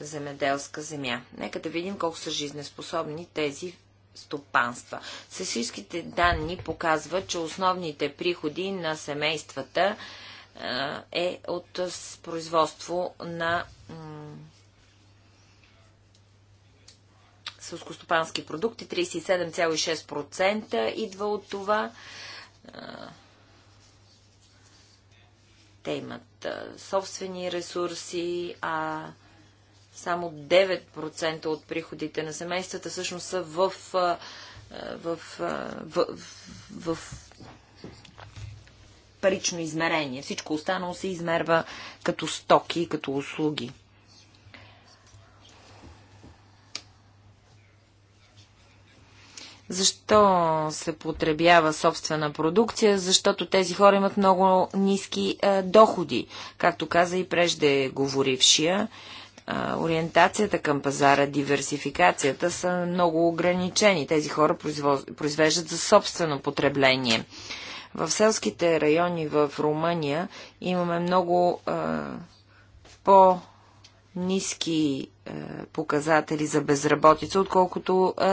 земеделска земя. Нека да видим колко са жизнеспособни тези стопанства. Сесийските данни показват, че основните приходи на семействата е от производство на сълскостопански продукти, 37,6% идва от това. Те имат собствени ресурси, а само 9% от приходите на семействата всъщност са в, в, в, в, в парично измерение. Всичко останало се измерва като стоки, като услуги. Защо се потребява собствена продукция? Защото тези хора имат много ниски а, е, доходи. Както каза и прежде говорившия, е, ориентацията към пазара, диверсификацията са много ограничени. Тези хора произвоз... произвеждат за собствено потребление. В селските райони в Румъния имаме много е, по-низки е, показатели за безработица, отколкото е,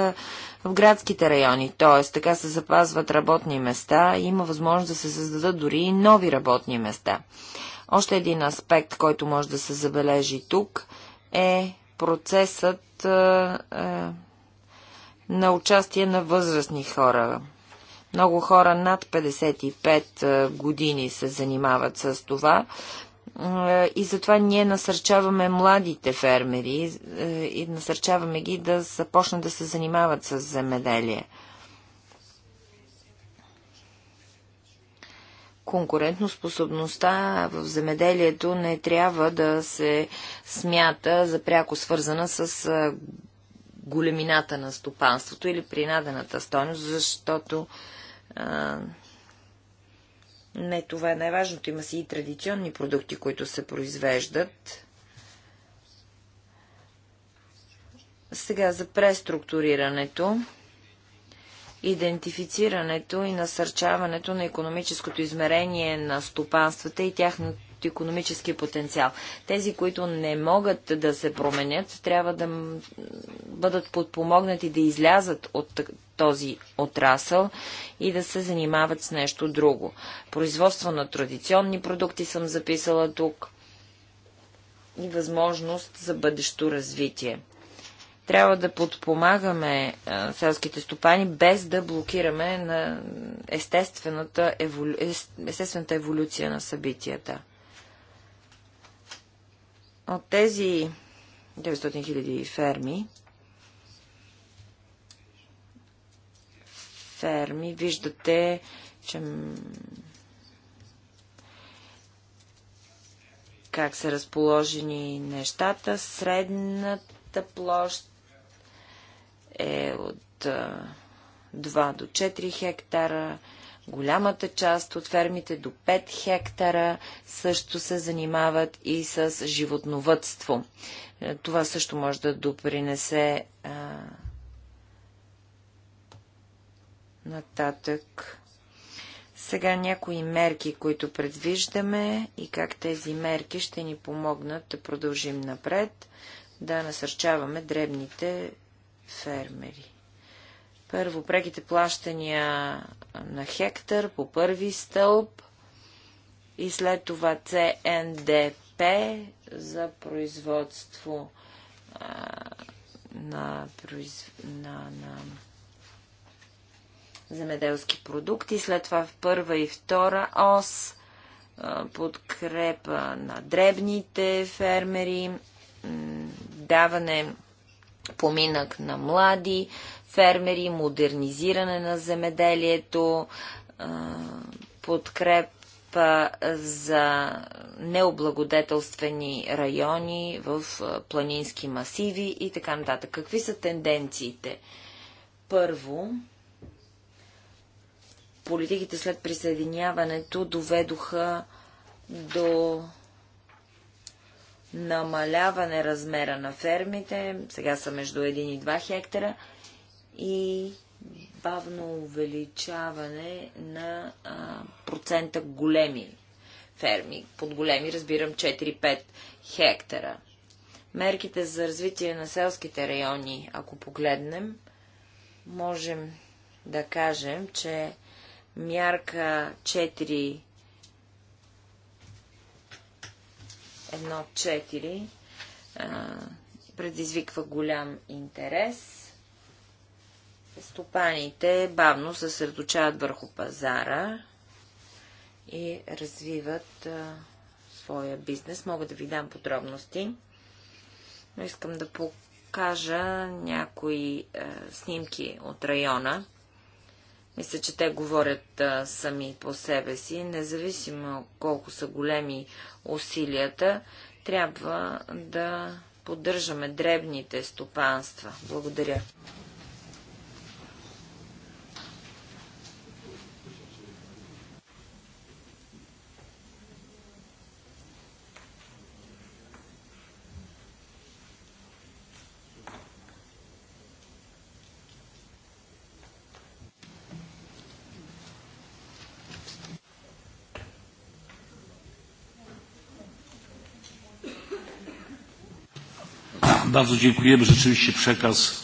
в градските райони. Тоест, така се запазват работни места и има възможност да се създадат дори и нови работни места. Още един аспект, който може да се забележи тук, е процесът е, на участие на възрастни хора. Много хора над 55 години се занимават с това. И затова ние насърчаваме младите фермери е, и насърчаваме ги да започнат да се занимават с земеделие. конкурентноспособността в земеделието не трябва да се смята за пряко свързана с големината на стопанството или принадената стойност, защото а, не, това е най-важното. Има си и традиционни продукти, които се произвеждат. Сега за преструктурирането, идентифицирането и насърчаването на економическото измерение на стопанствата и тяхното економически потенциал. Тези, които не могат да се променят, трябва да бъдат подпомогнати да излязат от този отрасъл и да се занимават с нещо друго. Производство на традиционни продукти съм записала тук и възможност за бъдещо развитие. Трябва да подпомагаме а, е, селските стопани, без да блокираме на естествената, еволю... естествената еволюция на събитията. От тези 900 000 ферми, ферми. Виждате, че как са разположени нещата. Средната площ е от 2 до 4 хектара. Голямата част от фермите до 5 хектара също се занимават и с животновътство. Е, това също може да допринесе Нататък. Сега някои мерки, които предвиждаме и как тези мерки ще ни помогнат да продължим напред, да насърчаваме дребните фермери. Първо, преките плащания на хектар по първи стълб и след това CNDP за производство а, на, на, на земеделски продукти, след това в първа и втора ос, подкрепа на дребните фермери, даване поминък на млади фермери, модернизиране на земеделието, подкреп за необлагодетелствени райони в планински масиви и така нататък. Какви са тенденциите? Първо, политиките след присъединяването доведоха до намаляване размера на фермите, сега са между 1 и 2 хектара, и бавно увеличаване на а, процента големи ферми. Под големи разбирам 4-5 хектара. Мерките за развитие на селските райони, ако погледнем, можем да кажем, че мярка 4 1-4 предизвиква голям интерес. Стопаните бавно се съсредочават върху пазара и развиват а, своя бизнес. Мога да ви дам подробности, но искам да покажа някои а, снимки от района. Мисля, че те говорят а, сами по себе си, независимо колко са големи усилията, трябва да поддържаме дребните стопанства. Благодаря. Bardzo dziękujemy. Rzeczywiście przekaz.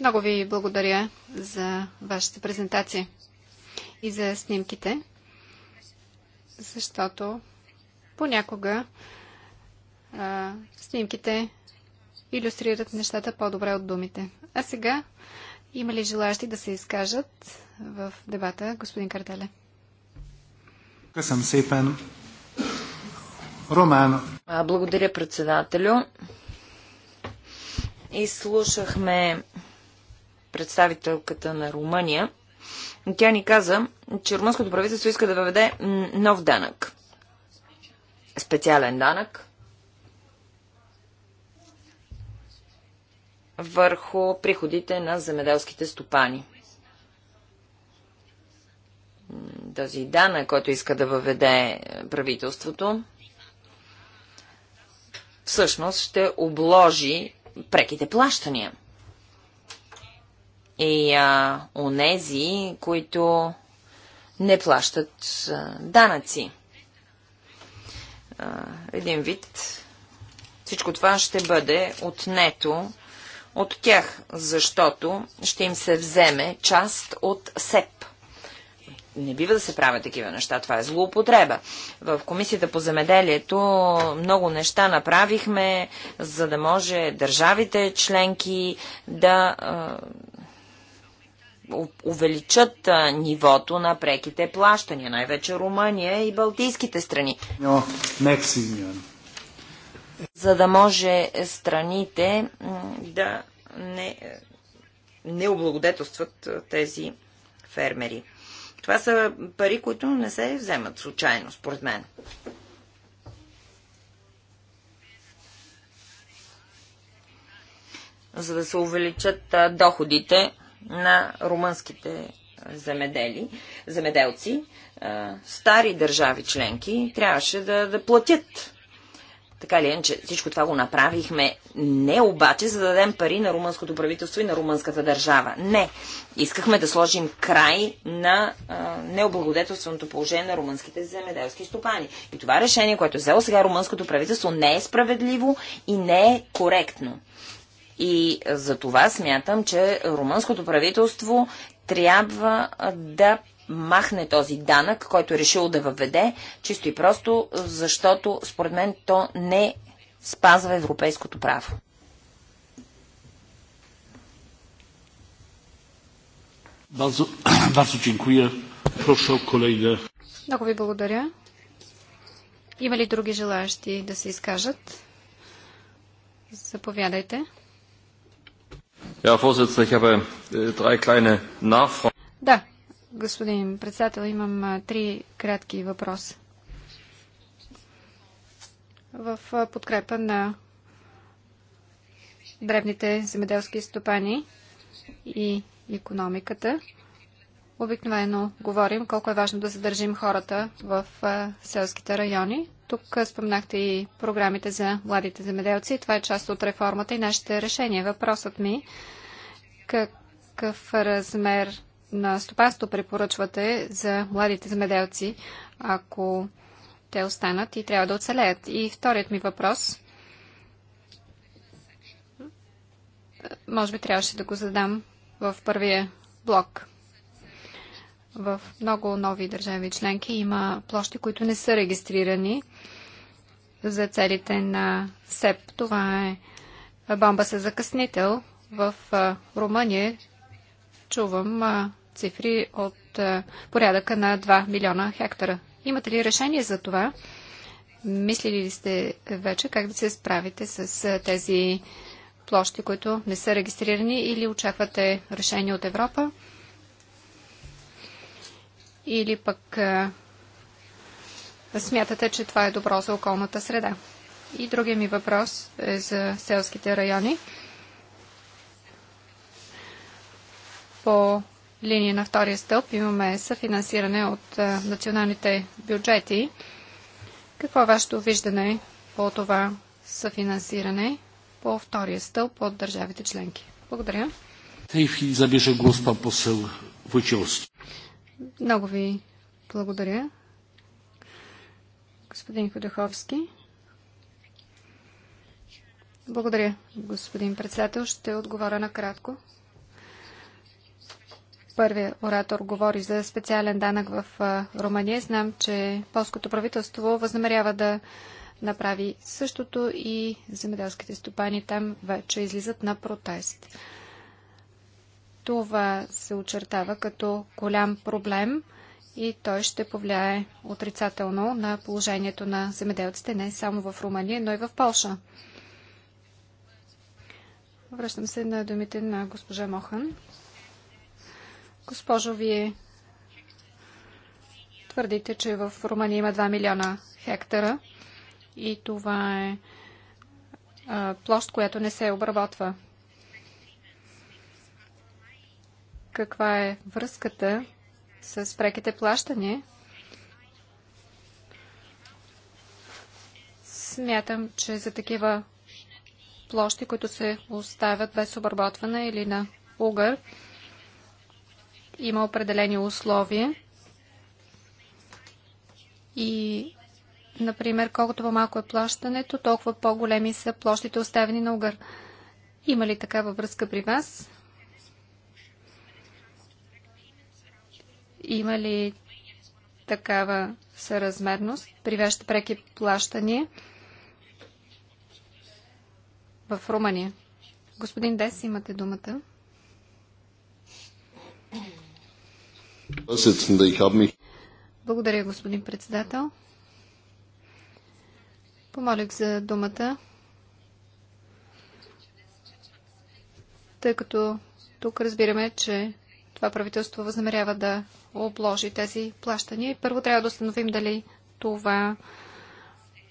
Много ви благодаря за вашата презентация и за снимките, защото понякога а, снимките иллюстрират нещата по-добре от думите. А сега има ли желащи да се изкажат в дебата, господин Картеле? Köszönöm szépen. Романо. Благодаря, председателю. Изслушахме представителката на Румъния. Тя ни каза, че румънското правителство иска да въведе нов данък. Специален данък върху приходите на земеделските стопани. Този данък, който иска да въведе правителството, всъщност ще обложи преките плащания. И а, онези, които не плащат а, данъци. А, един вид всичко това ще бъде отнето от тях, защото ще им се вземе част от СЕП не бива да се правят такива неща. Това е злоупотреба. В Комисията по земеделието много неща направихме, за да може държавите членки да увеличат нивото на преките плащания, най-вече Румъния и Балтийските страни. За да може страните да не, не облагодетелстват тези фермери. Това са пари, които не се вземат случайно, според мен. За да се увеличат доходите на румънските земедели, земеделци, стари държави членки трябваше да, да платят така ли е, че всичко това го направихме не обаче, за да дадем пари на румънското правителство и на румънската държава. Не. Искахме да сложим край на а, необлагодетелственото положение на румънските земеделски стопани. И това решение, което е взело сега румънското правителство, не е справедливо и не е коректно. И за това смятам, че румънското правителство трябва да махне този данък, който е решил да въведе, чисто и просто, защото според мен то не спазва европейското право. Bardzo, bardzo dziękuję. Proszę o kolejne. Много ви благодаря. Има ли други желаящи да се изкажат? Заповядайте. Ja, ich habe äh, drei kleine Nachfragen. Да, Господин председател, имам три кратки въпроса. В подкрепа на древните земеделски стопани и економиката. Обикновено говорим колко е важно да задържим хората в селските райони. Тук спомнахте и програмите за младите земеделци. Това е част от реформата и нашите решения. Въпросът ми е, какъв размер на стопанство препоръчвате за младите земеделци, ако те останат и трябва да оцелеят? И вторият ми въпрос, може би трябваше да го задам в първия блок. В много нови държави членки има площи, които не са регистрирани за целите на СЕП. Това е бомба с закъснител. В Румъния чувам цифри от е, порядъка на 2 милиона хектара. Имате ли решение за това? Мислили ли сте вече как да се справите с е, тези площи, които не са регистрирани или очаквате решение от Европа? Или пък е, смятате, че това е добро за околната среда? И другия ми въпрос е за селските райони. По линия на втория стълб имаме съфинансиране от националните бюджети. Какво е вашето виждане по това съфинансиране по втория стълб от държавите членки? Благодаря. Tej глас zabierze посъл pan Много ви благодаря. Господин Ходоховски. Благодаря, господин председател. Ще отговоря накратко. Първият оратор говори за специален данък в Румъния. Знам, че полското правителство възнамерява да направи същото и земеделските стопани там вече излизат на протест. Това се очертава като голям проблем и той ще повлияе отрицателно на положението на земеделците не само в Румъния, но и в Польша. Връщам се на думите на госпожа Мохан. Госпожо, вие твърдите, че в Румъния има 2 милиона хектара и това е площ, която не се обработва. Каква е връзката с преките плащания? Смятам, че за такива площи, които се оставят без обработване или на угър, има определени условия и, например, колкото по-малко е плащането, толкова по-големи са площите оставени на угър. Има ли такава връзка при вас? Има ли такава съразмерност при вашите преки плащания в Румъния? Господин Дес, имате думата. Благодаря, господин председател. Помолих за думата, тъй като тук разбираме, че това правителство възнамерява да обложи тези плащания. И първо трябва да установим дали това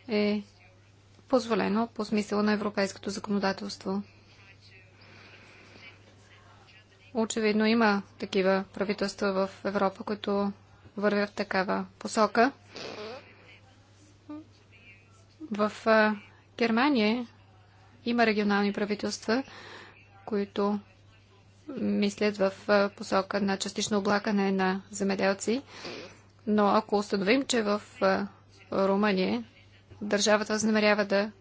е позволено по смисъла на европейското законодателство. Очевидно има такива правителства в Европа, които вървят в такава посока. В Германия има регионални правителства, които мислят в посока на частично облакане на земеделци. Но ако установим, че в Румъния държавата възнамерява да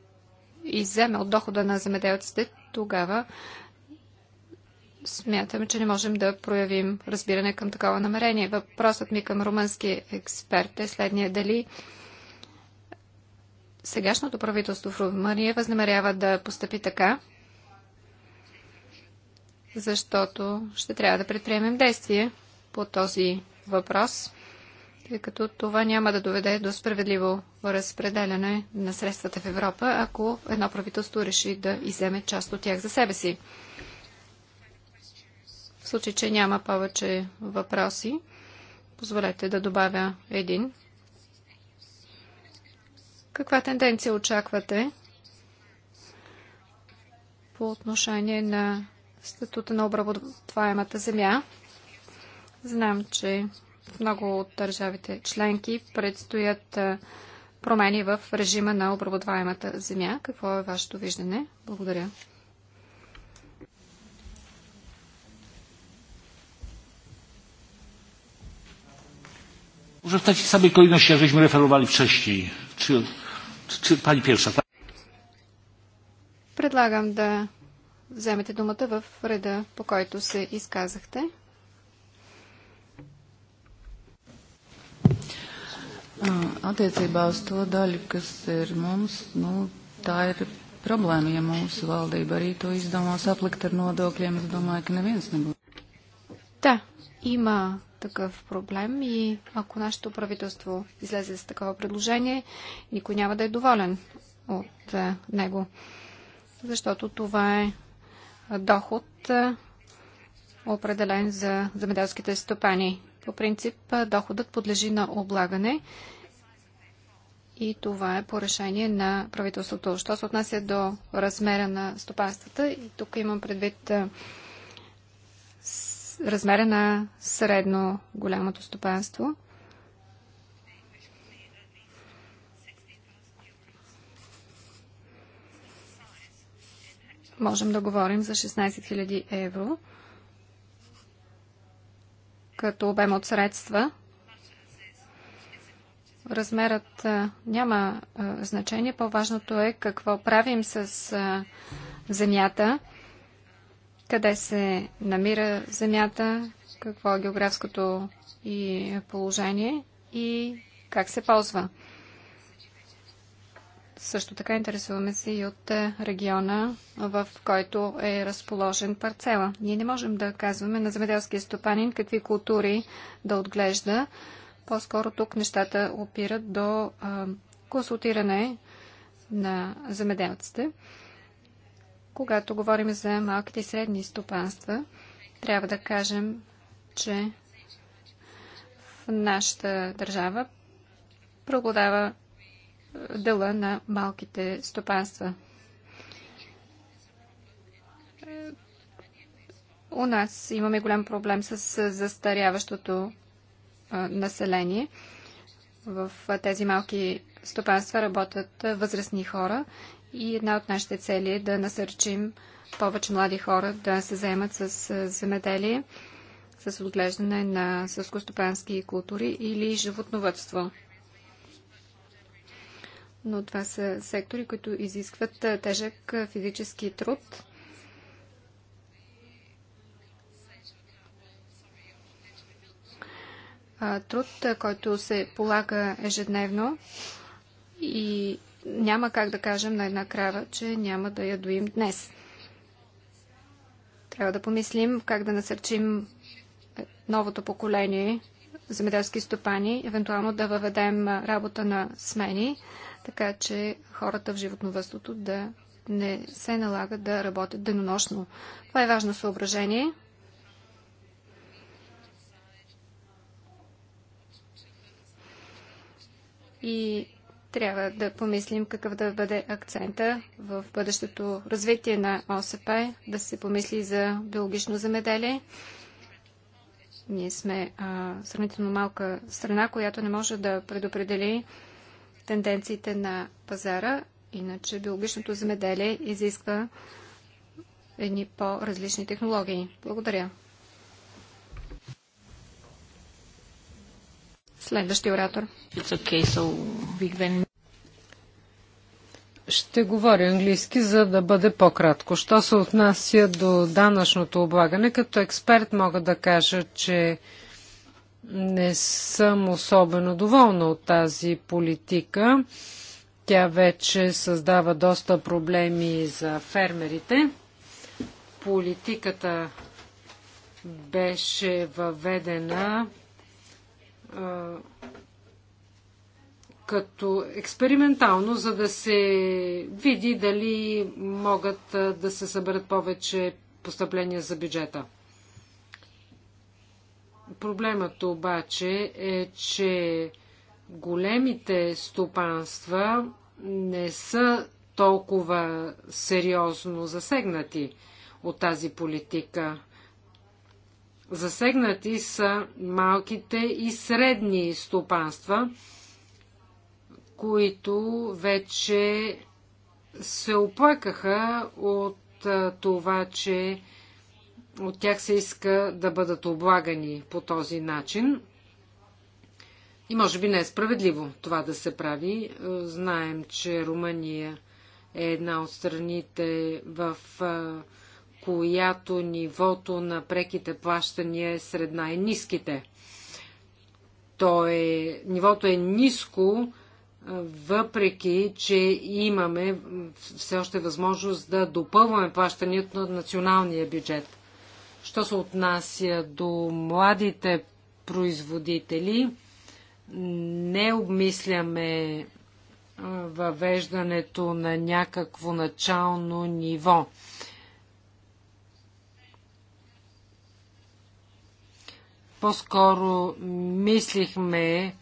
изземе от дохода на земеделците, тогава смятам, че не можем да проявим разбиране към такова намерение. Въпросът ми към румънски експерт е следния. Дали сегашното правителство в Румъния възнамерява да постъпи така, защото ще трябва да предприемем действие по този въпрос, тъй като това няма да доведе до справедливо разпределяне на средствата в Европа, ако едно правителство реши да иземе част от тях за себе си случай, че няма повече въпроси, позволете да добавя един. Каква тенденция очаквате по отношение на статута на обработваемата земя? Знам, че в много от държавите членки предстоят промени в режима на обработваемата земя. Какво е вашето виждане? Благодаря. Może w takiej samej kolejności, jak żeśmy referowali wcześniej. Czy, czy, czy pani pierwsza, tak? Предлагам да вземете думата в реда, по който се изказахте. Attiecībā uz to daļu, kas ir mums, nu, tā ir problēma, ja mūsu valdība arī to izdomās aplikt ar nodokļiem. Es domāju, ka neviens nebūs. Tā, има такъв проблем и ако нашето правителство излезе с такова предложение, никой няма да е доволен от е, него. Защото това е, е доход, е, определен за земеделските стопани. По принцип, доходът подлежи на облагане и това е по решение на правителството. Що се отнася до размера на стопанствата, и тук имам предвид размера на средно голямото стопанство. Можем да говорим за 16 000 евро като обем от средства. Размерът няма значение. По-важното е какво правим с земята къде се намира земята, какво е географското и положение и как се ползва. Също така интересуваме се и от е, региона, в който е разположен парцела. Ние не можем да казваме на земеделския стопанин какви култури да отглежда. По-скоро тук нещата опират до е, консултиране на земеделците. Когато говорим за малките и средни стопанства, трябва да кажем, че в нашата държава преобладава е, дела на малките стопанства. У нас имаме голям проблем с застаряващото е, население. В е, тези малки стопанства работят възрастни хора и една от нашите цели е да насърчим повече млади хора да се заемат с земеделие, с отглеждане на сълскостопански култури или животновътство. Но това са сектори, които изискват тежък физически труд. Труд, който се полага ежедневно и няма как да кажем на една крава, че няма да я доим днес. Трябва да помислим как да насърчим новото поколение земеделски стопани, евентуално да въведем работа на смени, така че хората в животновъзството да не се налага да работят денонощно. Това е важно съображение. И трябва да помислим какъв да бъде акцента в бъдещото развитие на ОСП, да се помисли за биологично замеделие. Ние сме а, сравнително малка страна, която не може да предопредели тенденциите на пазара. Иначе биологичното земеделие изисква едни по-различни технологии. Благодаря. Следващия оратор. Okay, so Ще говоря английски, за да бъде по-кратко. Що се отнася до данъчното облагане, като експерт мога да кажа, че не съм особено доволна от тази политика. Тя вече създава доста проблеми за фермерите. Политиката беше въведена като експериментално, за да се види дали могат да се съберат повече постъпления за бюджета. Проблемът обаче е, че големите стопанства не са толкова сериозно засегнати от тази политика. Засегнати са малките и средни стопанства, които вече се оплакаха от това, че от тях се иска да бъдат облагани по този начин. И може би не е справедливо това да се прави. Е, знаем, че Румъния е една от страните в която нивото на преките плащания е сред най-низките. То е, нивото е ниско, въпреки че имаме все още възможност да допълваме плащането на националния бюджет. Що се отнася до младите производители, не обмисляме въвеждането на някакво начално ниво. По-скоро мислихме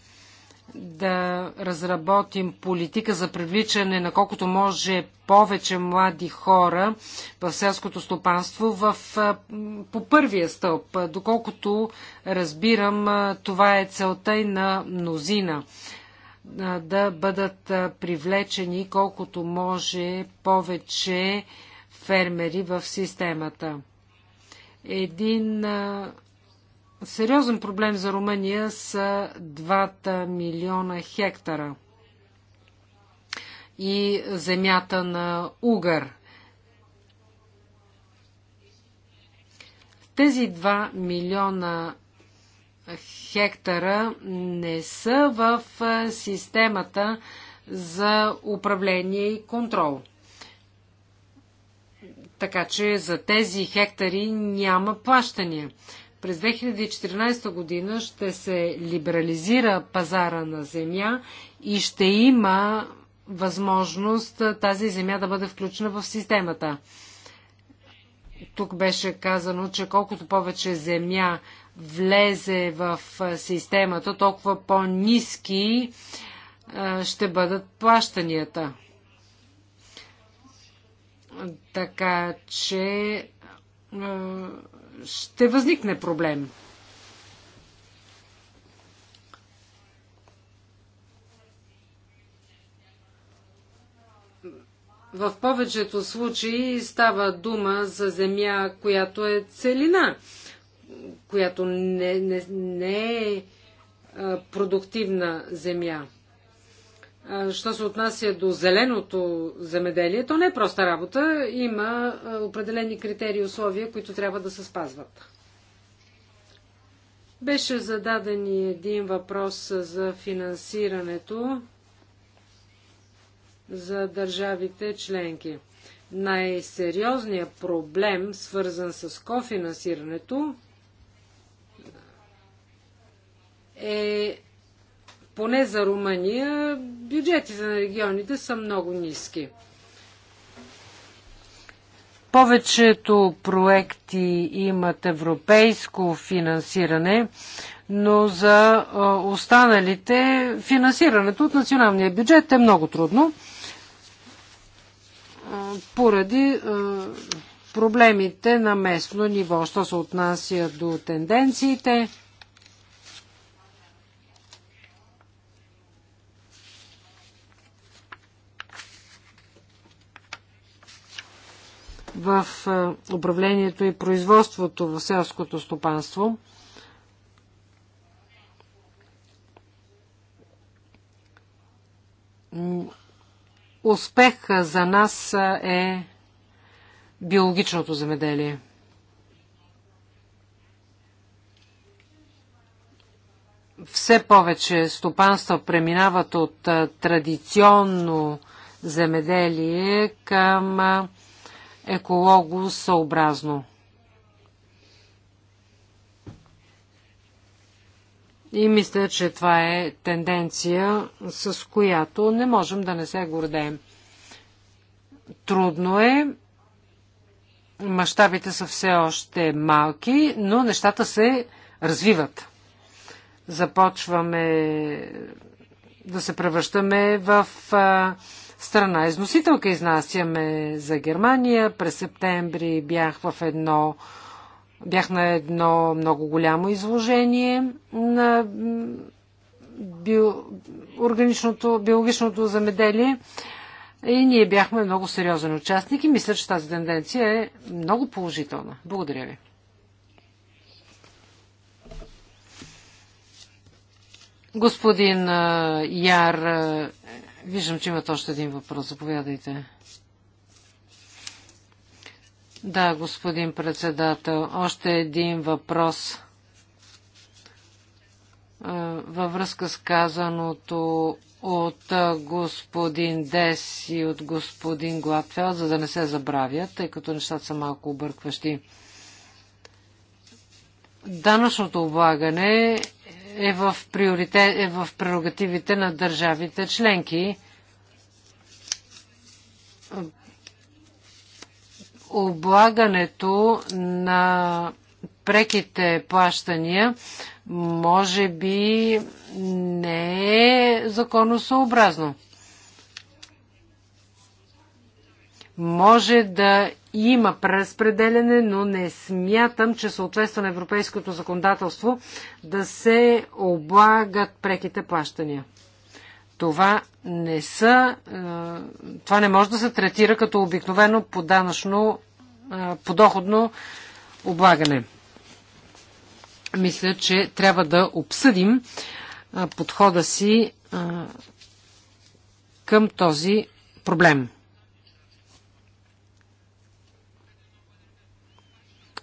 да разработим политика за привличане на колкото може повече млади хора в селското стопанство в, по първия стълб. Доколкото разбирам, това е целта и на мнозина да бъдат привлечени колкото може повече фермери в системата. Един сериозен проблем за Румъния са 2 милиона хектара и земята на Угър. Тези 2 милиона хектара не са в е, системата за управление и контрол. Така че за тези хектари няма плащания. През 2014 година ще се либерализира пазара на земя и ще има възможност тази земя да бъде включена в системата. Тук беше казано, че колкото повече земя влезе в системата, толкова по-низки ще бъдат плащанията. Така че ще възникне проблем. В повечето случаи става дума за земя, която е целина, която не, не, не е продуктивна земя. Що се отнася до зеленото земеделие, то не е проста работа. Има определени критерии и условия, които трябва да се спазват. Беше зададен и един въпрос за финансирането за държавите членки. Най-сериозният проблем, свързан с кофинансирането, е поне за Румъния, бюджетите на регионите са много ниски. Повечето проекти имат европейско финансиране, но за останалите финансирането от националния бюджет е много трудно поради проблемите на местно ниво. Що се отнася до тенденциите, в е, управлението и производството в селското стопанство. Успех за нас е биологичното земеделие. Все повече стопанства преминават от е, традиционно земеделие към е, екологосъобразно. И мисля, че това е тенденция, с която не можем да не се гордеем. Трудно е, мащабите са все още малки, но нещата се развиват. Започваме да се превръщаме в страна износителка. Изнасяме за Германия. През септември бях в едно бях на едно много голямо изложение на био, органичното, биологичното замеделие и ние бяхме много сериозен участник и мисля, че тази тенденция е много положителна. Благодаря ви. Господин Яр Виждам, че имат още един въпрос. Заповядайте. Да, господин председател, още един въпрос е, във връзка с казаното от е, господин Дес и от господин Гладфел, за да не се забравят, тъй като нещата са малко объркващи. Данъчното облагане е в, приоритет, е в прерогативите на държавите членки. Облагането на преките плащания може би не е законосъобразно. Може да има преразпределене, но не смятам, че съответства на европейското законодателство да се облагат преките плащания. Това не са, е, това не може да се третира като обикновено поданъчно, е, подоходно облагане. Мисля, че трябва да обсъдим е, подхода си към този проблем.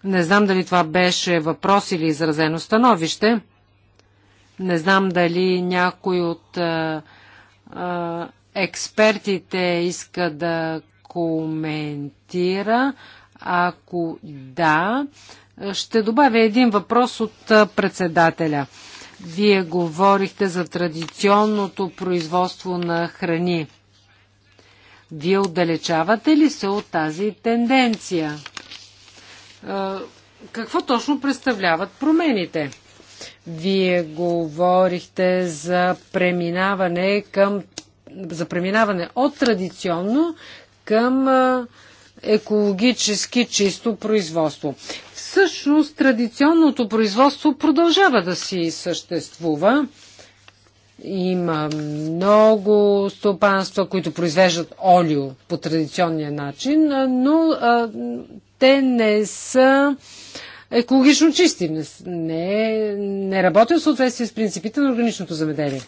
Не знам дали това беше въпрос или изразено становище. Не знам дали някой от а, а, експертите иска да коментира. Ако да, ще добавя един въпрос от председателя. Вие говорихте за традиционното производство на храни. Вие отдалечавате ли се от тази тенденция? какво точно представляват промените? Вие говорихте за преминаване към за преминаване от традиционно към екологически чисто производство. Всъщност традиционното производство продължава да си съществува. Има много стопанства, които произвеждат олио по традиционния начин, но а, те не са екологично чисти. Не, не работят в съответствие с принципите на органичното замеделие.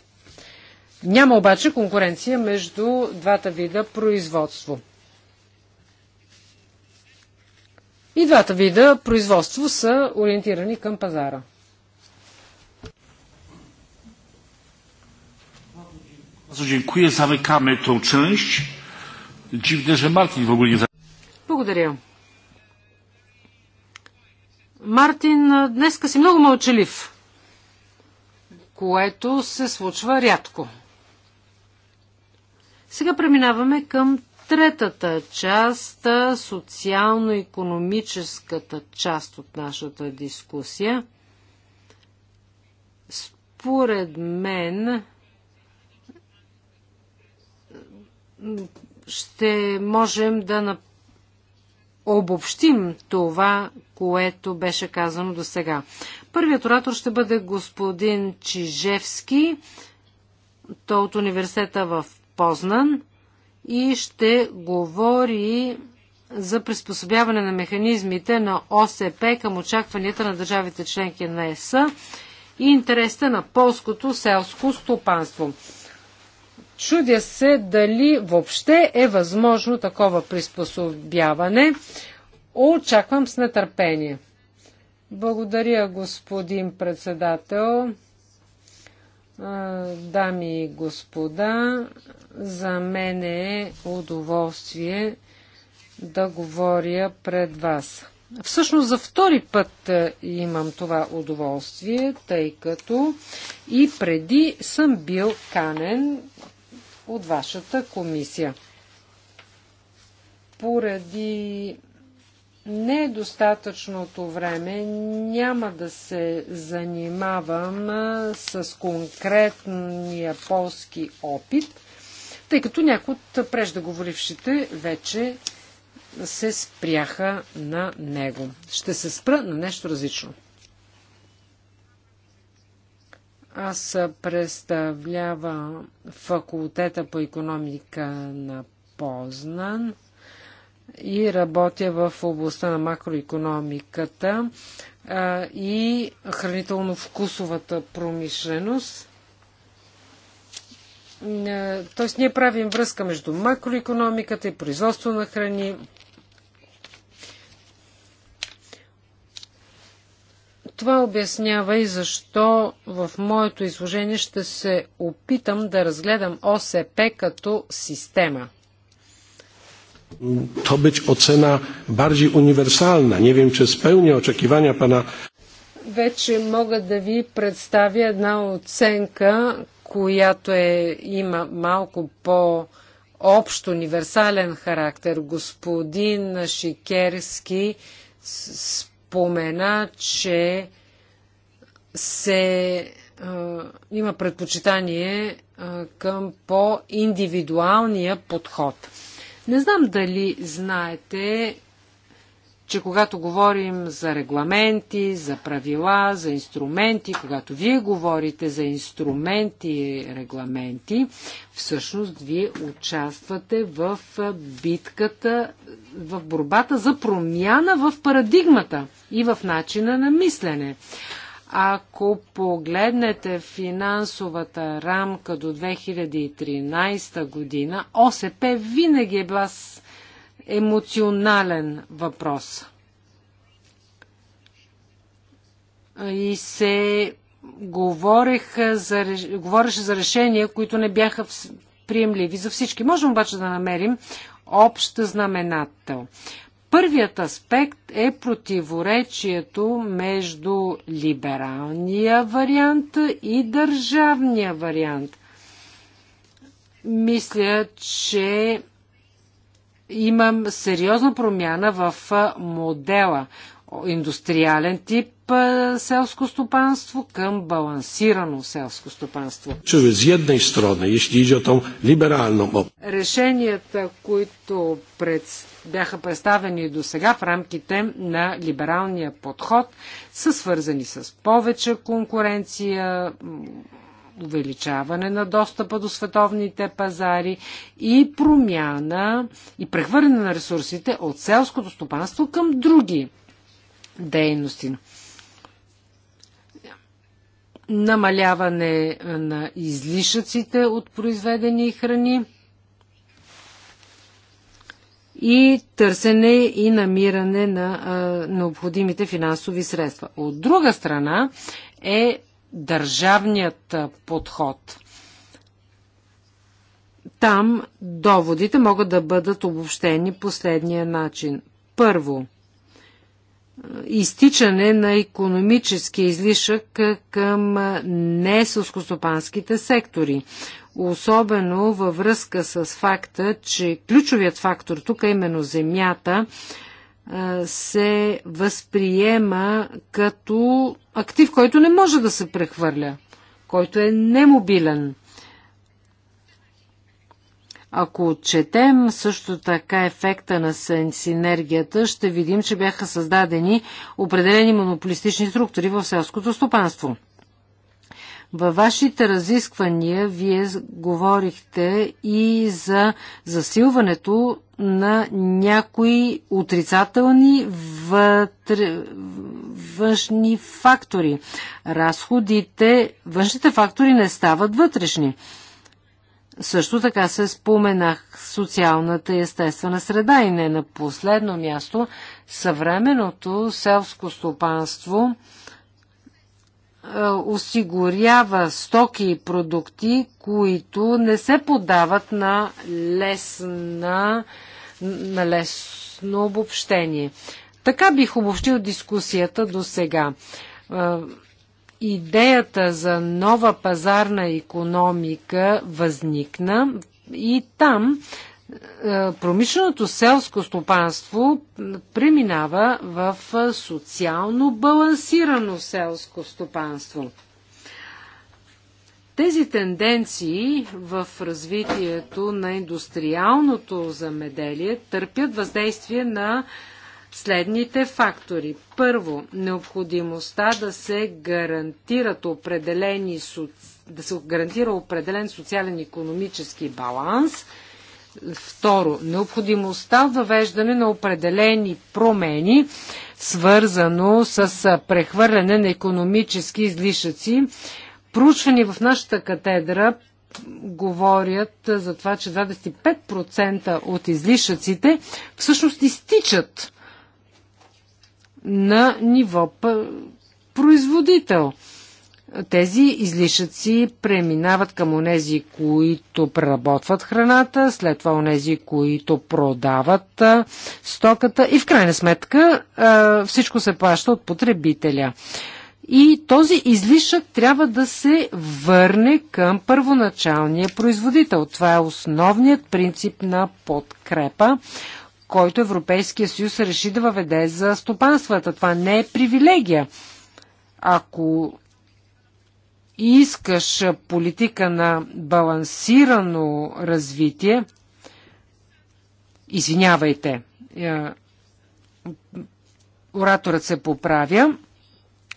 Няма обаче конкуренция между двата вида производство. И двата вида производство са ориентирани към пазара. Благодаря. Мартин, днеска си много мълчалив, което се случва рядко. Сега преминаваме към третата част, социално-економическата част от нашата дискусия. Според мен ще можем да направим обобщим това, което беше казано до сега. Първият оратор ще бъде господин Чижевски, той от университета в Познан и ще говори за приспособяване на механизмите на ОСП към очакванията на държавите членки на ЕС и интересите на полското селско стопанство. Чудя се дали въобще е възможно такова приспособяване. Очаквам с нетърпение. Благодаря, господин председател. Дами и господа, за мен е удоволствие да говоря пред вас. Всъщност за втори път имам това удоволствие, тъй като и преди съм бил канен от вашата комисия. Поради недостатъчното време няма да се занимавам с конкретния полски опит, тъй като някои от преждаговорившите вече се спряха на него. Ще се спра на нещо различно. Аз представлявам факултета по економика на Познан и работя в областта на макроекономиката и хранително-вкусовата промишленост. Тоест, ние правим връзка между макроекономиката и производство на храни, Това обяснява и защо в моето изложение ще се опитам да разгледам ОСП като система. To być ocena bardziej uniwersalna. Nie wiem, czy spełnia oczekiwania pana. Вече мога да ви представя една оценка, която е, има малко по-общ универсален характер. Господин Шикерски с спомена, че се а, има предпочитание а, към по-индивидуалния подход. Не знам дали знаете, че когато говорим за регламенти, за правила, за инструменти, когато вие говорите за инструменти и регламенти, всъщност вие участвате в битката, в борбата за промяна в парадигмата и в начина на мислене. Ако погледнете финансовата рамка до 2013 година, ОСП винаги е била емоционален въпрос. И се говореха за, говореше за решения, които не бяха приемливи за всички. Можем обаче да намерим общ знаменател. Първият аспект е противоречието между либералния вариант и държавния вариант. Мисля, че имам сериозна промяна в модела индустриален тип селско стопанство към балансирано селско стопанство. Чрез една страна, Решенията, които пред... бяха представени до сега в рамките на либералния подход, са свързани с повече конкуренция, увеличаване на достъпа до световните пазари и промяна и прехвърляне на ресурсите от селското стопанство към други дейности. Намаляване на излишъците от произведени храни и търсене и намиране на а, необходимите финансови средства. От друга страна е държавният подход. Там доводите могат да бъдат обобщени последния начин. Първо, изтичане на економически излишък към несъскостопанските сектори. Особено във връзка с факта, че ключовият фактор тук е именно земята, се възприема като актив, който не може да се прехвърля, който е немобилен. Ако отчетем също така ефекта на синергията, ще видим, че бяха създадени определени монополистични структури в селското стопанство – във вашите разисквания вие говорихте и за засилването на някои отрицателни вътре, външни фактори. Разходите, външните фактори не стават вътрешни. Също така се споменах социалната и естествена среда и не на последно място съвременното селско стопанство – е, осигурява стоки и продукти, които не се подават на, лесна, на лесно обобщение. Така бих обобщил дискусията до сега. Е, идеята за нова пазарна економика възникна и там е, промишленото селско стопанство преминава в е, социално балансирано селско стопанство. Тези тенденции в развитието на индустриалното замеделие търпят въздействие на следните фактори. Първо, необходимостта да се гарантират определени, да се гарантира определен социален и економически баланс – Второ, необходимостта в въвеждане на определени промени, свързано с прехвърляне на економически излишъци. Проучвани в нашата катедра говорят за това, че 25% от излишъците всъщност изтичат на ниво производител тези излишъци преминават към онези, които преработват храната, след това онези, които продават стоката и в крайна сметка всичко се плаща от потребителя. И този излишък трябва да се върне към първоначалния производител. Това е основният принцип на подкрепа, който Европейския съюз реши да въведе за стопанствата. Това не е привилегия. Ако искаш политика на балансирано развитие, извинявайте, е, ораторът се поправя,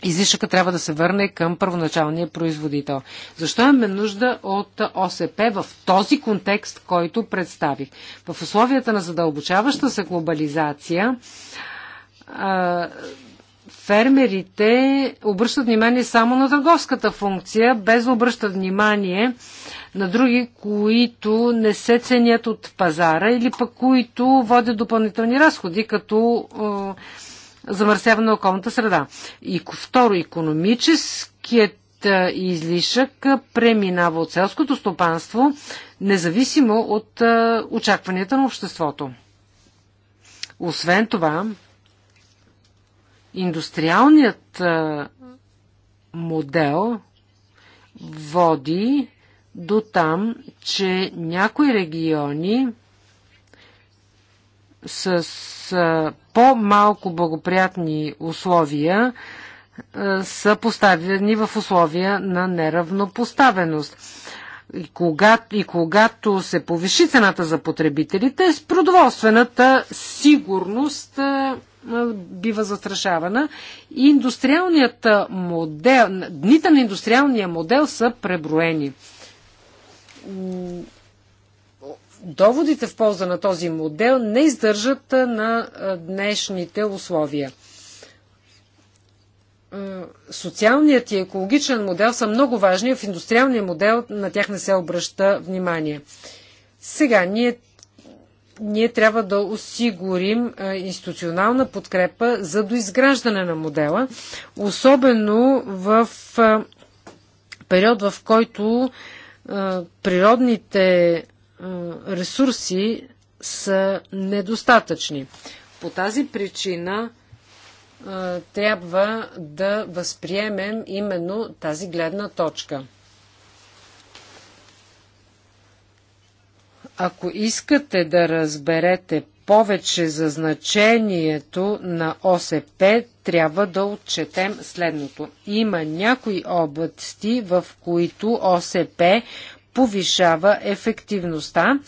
излишъка трябва да се върне към първоначалния производител. Защо имаме нужда от ОСП в този контекст, който представих? В условията на задълбочаваща се глобализация, фермерите обръщат внимание само на търговската функция, без да обръщат внимание на други, които не се ценят от пазара или пък които водят допълнителни разходи, като е, замърсяване на околната среда. И второ, економическият е, излишък е, преминава от селското стопанство, независимо от е, очакванията на обществото. Освен това, Индустриалният модел води до там, че някои региони с по-малко благоприятни условия са поставени в условия на неравнопоставеност и когато, и когато се повиши цената за потребителите, с продоволствената сигурност бива застрашавана. Индустриалният модел, дните на индустриалния модел са преброени. Доводите в полза на този модел не издържат на днешните условия социалният и екологичен модел са много важни, в индустриалния модел на тях не се обръща внимание. Сега ние, ние трябва да осигурим институционална подкрепа за доизграждане на модела, особено в период, в който природните ресурси са недостатъчни. По тази причина трябва да възприемем именно тази гледна точка. Ако искате да разберете повече за значението на ОСП, трябва да отчетем следното. Има някои области, в които ОСП повишава ефективността.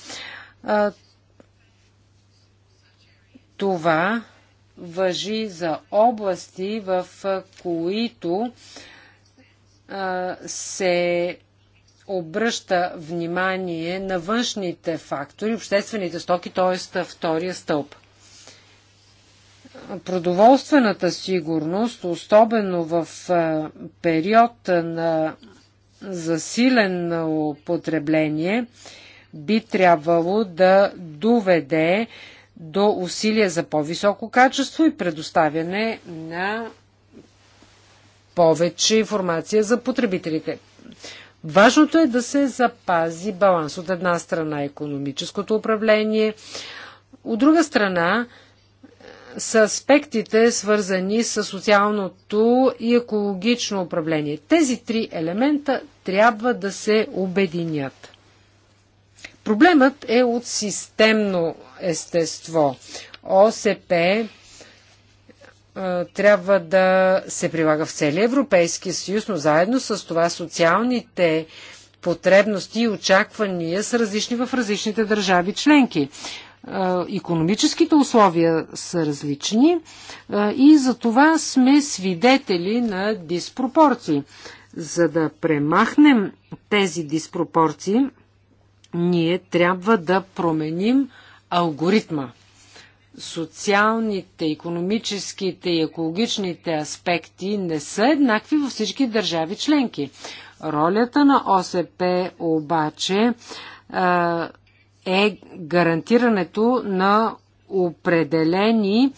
Това въжи за области, в които а, се обръща внимание на външните фактори, обществените стоки, т.е. втория стълб. Продоволствената сигурност, особено в период на засилено потребление, би трябвало да доведе до усилия за по-високо качество и предоставяне на повече информация за потребителите. Важното е да се запази баланс от една страна економическото управление, от друга страна е, са аспектите, свързани с социалното и екологично управление. Тези три елемента трябва да се обединят. Проблемът е от системно естество. ОСП трябва да се прилага в целия Европейски съюз, но заедно с това социалните потребности и очаквания са различни в различните държави членки. Економическите условия са различни и за това сме свидетели на диспропорции. За да премахнем тези диспропорции, ние трябва да променим алгоритма. Социалните, економическите и екологичните аспекти не са еднакви във всички държави членки. Ролята на ОСП обаче е гарантирането на определени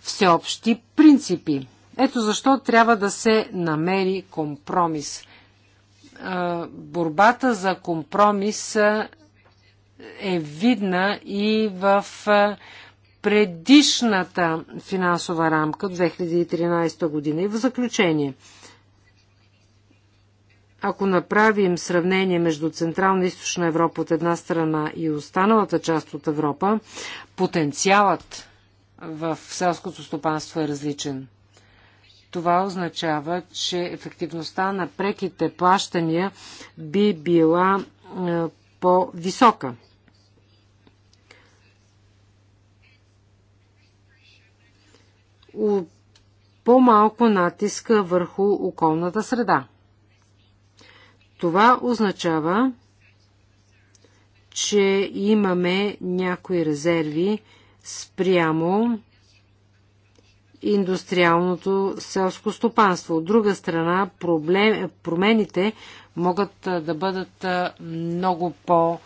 всеобщи принципи. Ето защо трябва да се намери компромис. Борбата за компромис е видна и в предишната финансова рамка 2013 година. И в заключение, ако направим сравнение между Централна и Източна Европа от една страна и останалата част от Европа, потенциалът в селското стопанство е различен. Това означава, че ефективността на преките плащания би била е, по-висока. по-малко натиска върху околната среда. Това означава, че имаме някои резерви спрямо индустриалното селско стопанство. От друга страна, проблем, промените могат да бъдат много по-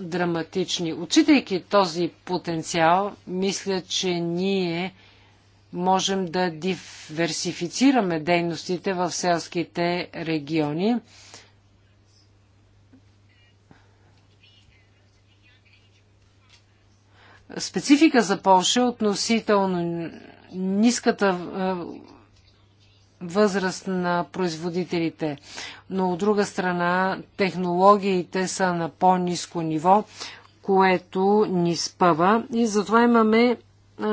драматични. Отчитайки този потенциал, мисля, че ние можем да диверсифицираме дейностите в селските региони. Специфика за Польша е относително ниската е, възраст на производителите. Но от друга страна, технологиите са на по-низко ниво, което ни спъва и затова имаме а,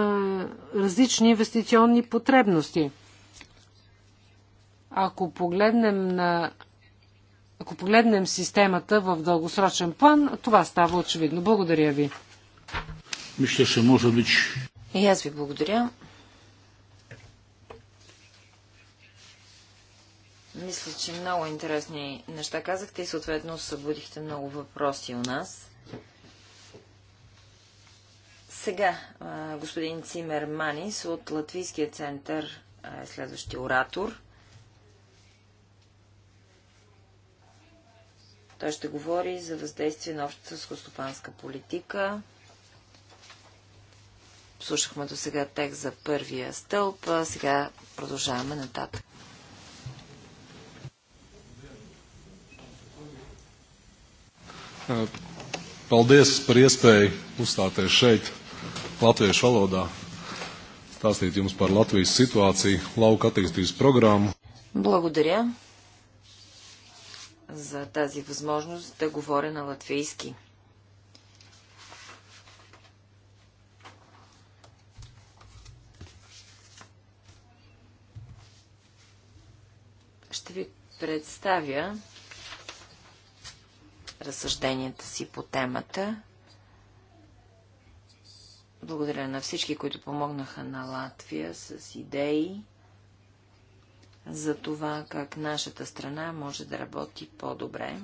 различни инвестиционни потребности. Ако погледнем на ако погледнем системата в дългосрочен план, това става очевидно. Благодаря ви. Мисля, че може би. И аз ви благодаря. Мисля, че много интересни неща казахте и съответно събудихте много въпроси у нас. Сега господин Цимер Манис от Латвийския център е следващия оратор. Той ще говори за въздействие на общата скостопанска политика. Слушахме до сега текст за първия стълб, сега продължаваме нататък. Paldies par iespēju uzstāties šeit latviešu valodā, stāstīt jums par Latvijas situāciju, lauka attīstības programmu. Благодаря за тази възможност да говоря на латвийски. Ще ви представя разсъжденията си по темата. Благодаря на всички, които помогнаха на Латвия с идеи за това, как нашата страна може да работи по-добре.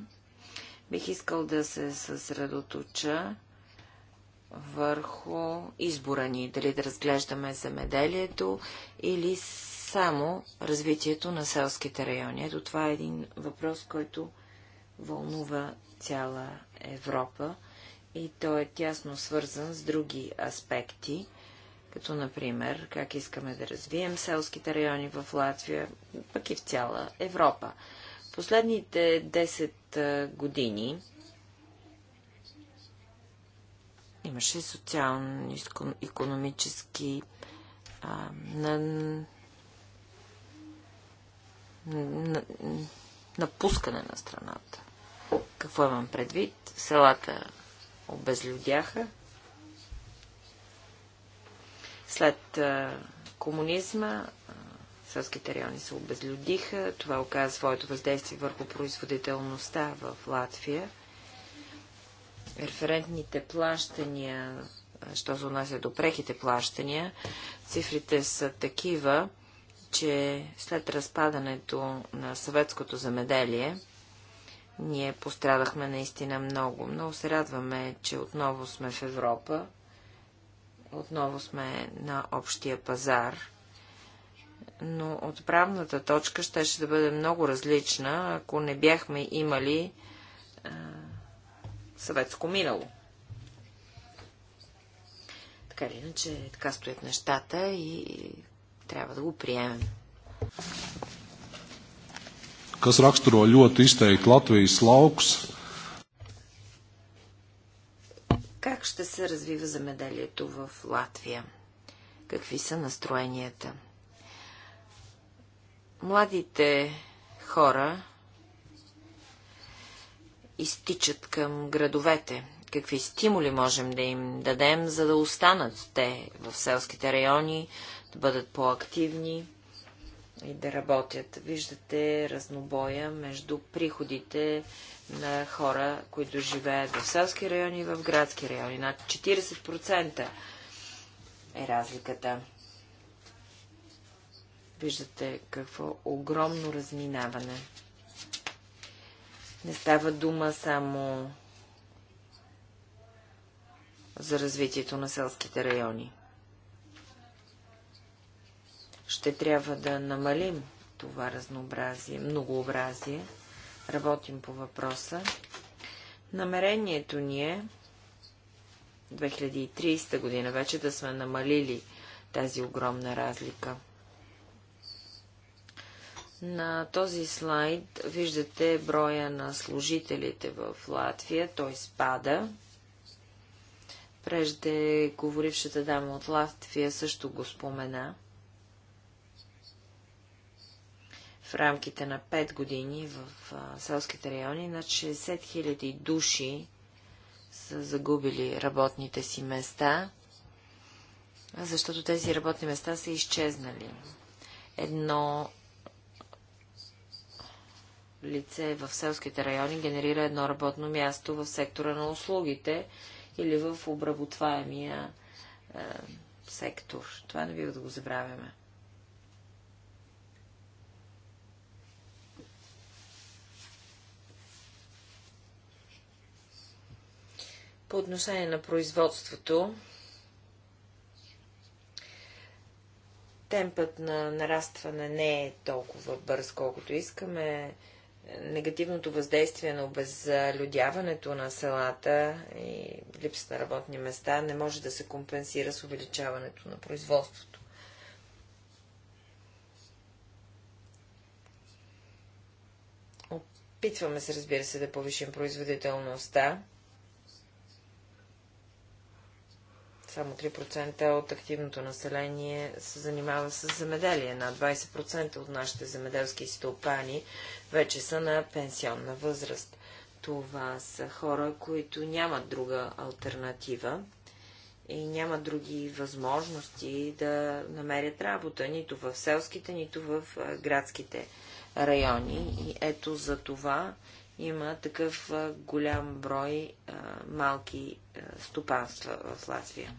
Бих искал да се съсредоточа върху избора ни, дали да разглеждаме замеделието или само развитието на селските райони. Ето това е един въпрос, който вълнува цяла Европа и той е тясно свързан с други аспекти, като например как искаме да развием селските райони в Латвия, пък и в цяла Европа. Последните 10 години имаше социално-економически на, напускане на страната. Какво имам предвид? Селата обезлюдяха. След комунизма селските райони се обезлюдиха. Това оказа своето въздействие върху производителността в Латвия. Референтните плащания, що се отнася до прехите плащания, цифрите са такива, че след разпадането на съветското замеделие, ние пострадахме наистина много. Много се радваме, че отново сме в Европа. Отново сме на общия пазар. Но отправната точка ще, ще да бъде много различна, ако не бяхме имали а, съветско минало. Така или иначе, така стоят нещата и трябва да го приемем kas raksturo ļoti izteikti Latvijas lauks. Как ще се развива замеделието в Латвия? Какви са настроенията? Младите хора изтичат към градовете. Какви стимули можем да им дадем, за да останат те в селските райони, да бъдат по-активни? и да работят. Виждате разнобоя между приходите на хора, които живеят в селски райони и в градски райони. Над 40% е разликата. Виждате какво огромно разминаване. Не става дума само за развитието на селските райони. Ще трябва да намалим това разнообразие, многообразие. Работим по въпроса. Намерението ни е 2030 година вече да сме намалили тази огромна разлика. На този слайд виждате броя на служителите в Латвия. Той спада. Прежде говорившата дама от Латвия също го спомена. в рамките на 5 години в селските райони над 60 000 души са загубили работните си места, защото тези работни места са изчезнали. Едно лице в селските райони генерира едно работно място в сектора на услугите или в обработваемия е, сектор. Това не бива да го забравяме. По отношение на производството, темпът на нарастване не е толкова бърз, колкото искаме. Негативното въздействие на обезлюдяването на селата и липсата на работни места не може да се компенсира с увеличаването на производството. Опитваме се, разбира се, да повишим производителността Само 3% от активното население се занимава с земеделие. На 20% от нашите земеделски стопани вече са на пенсионна възраст. Това са хора, които нямат друга альтернатива и нямат други възможности да намерят работа, нито в селските, нито в градските райони. И ето за това има такъв голям брой малки стопанства в Латвия.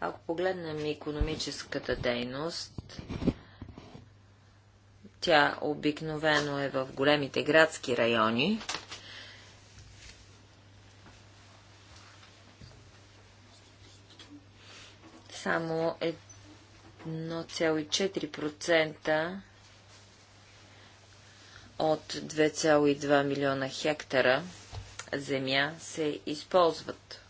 Ако погледнем економическата дейност, тя обикновено е в големите градски райони. Само 1,4% от 2,2 милиона хектара земя се използват.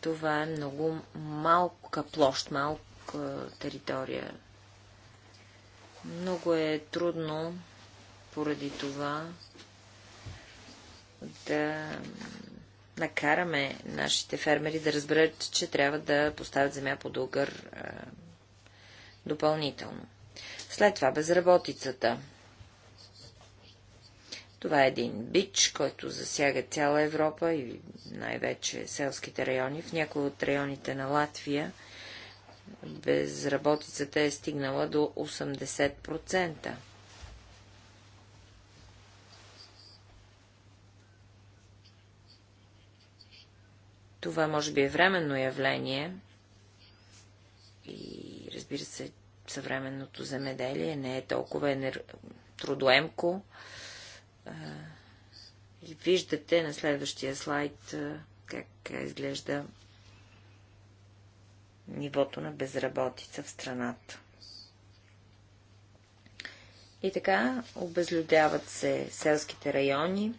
Това е много малка площ, малка територия. Много е трудно поради това да накараме нашите фермери да разберат, че трябва да поставят земя под огър допълнително. След това безработицата. Това е един бич, който засяга цяла Европа и най-вече селските райони. В някои от районите на Латвия безработицата е стигнала до 80%. Това може би е временно явление и разбира се, съвременното земеделие не е толкова енер... трудоемко. Виждате на следващия слайд как изглежда нивото на безработица в страната. И така обезлюдяват се селските райони,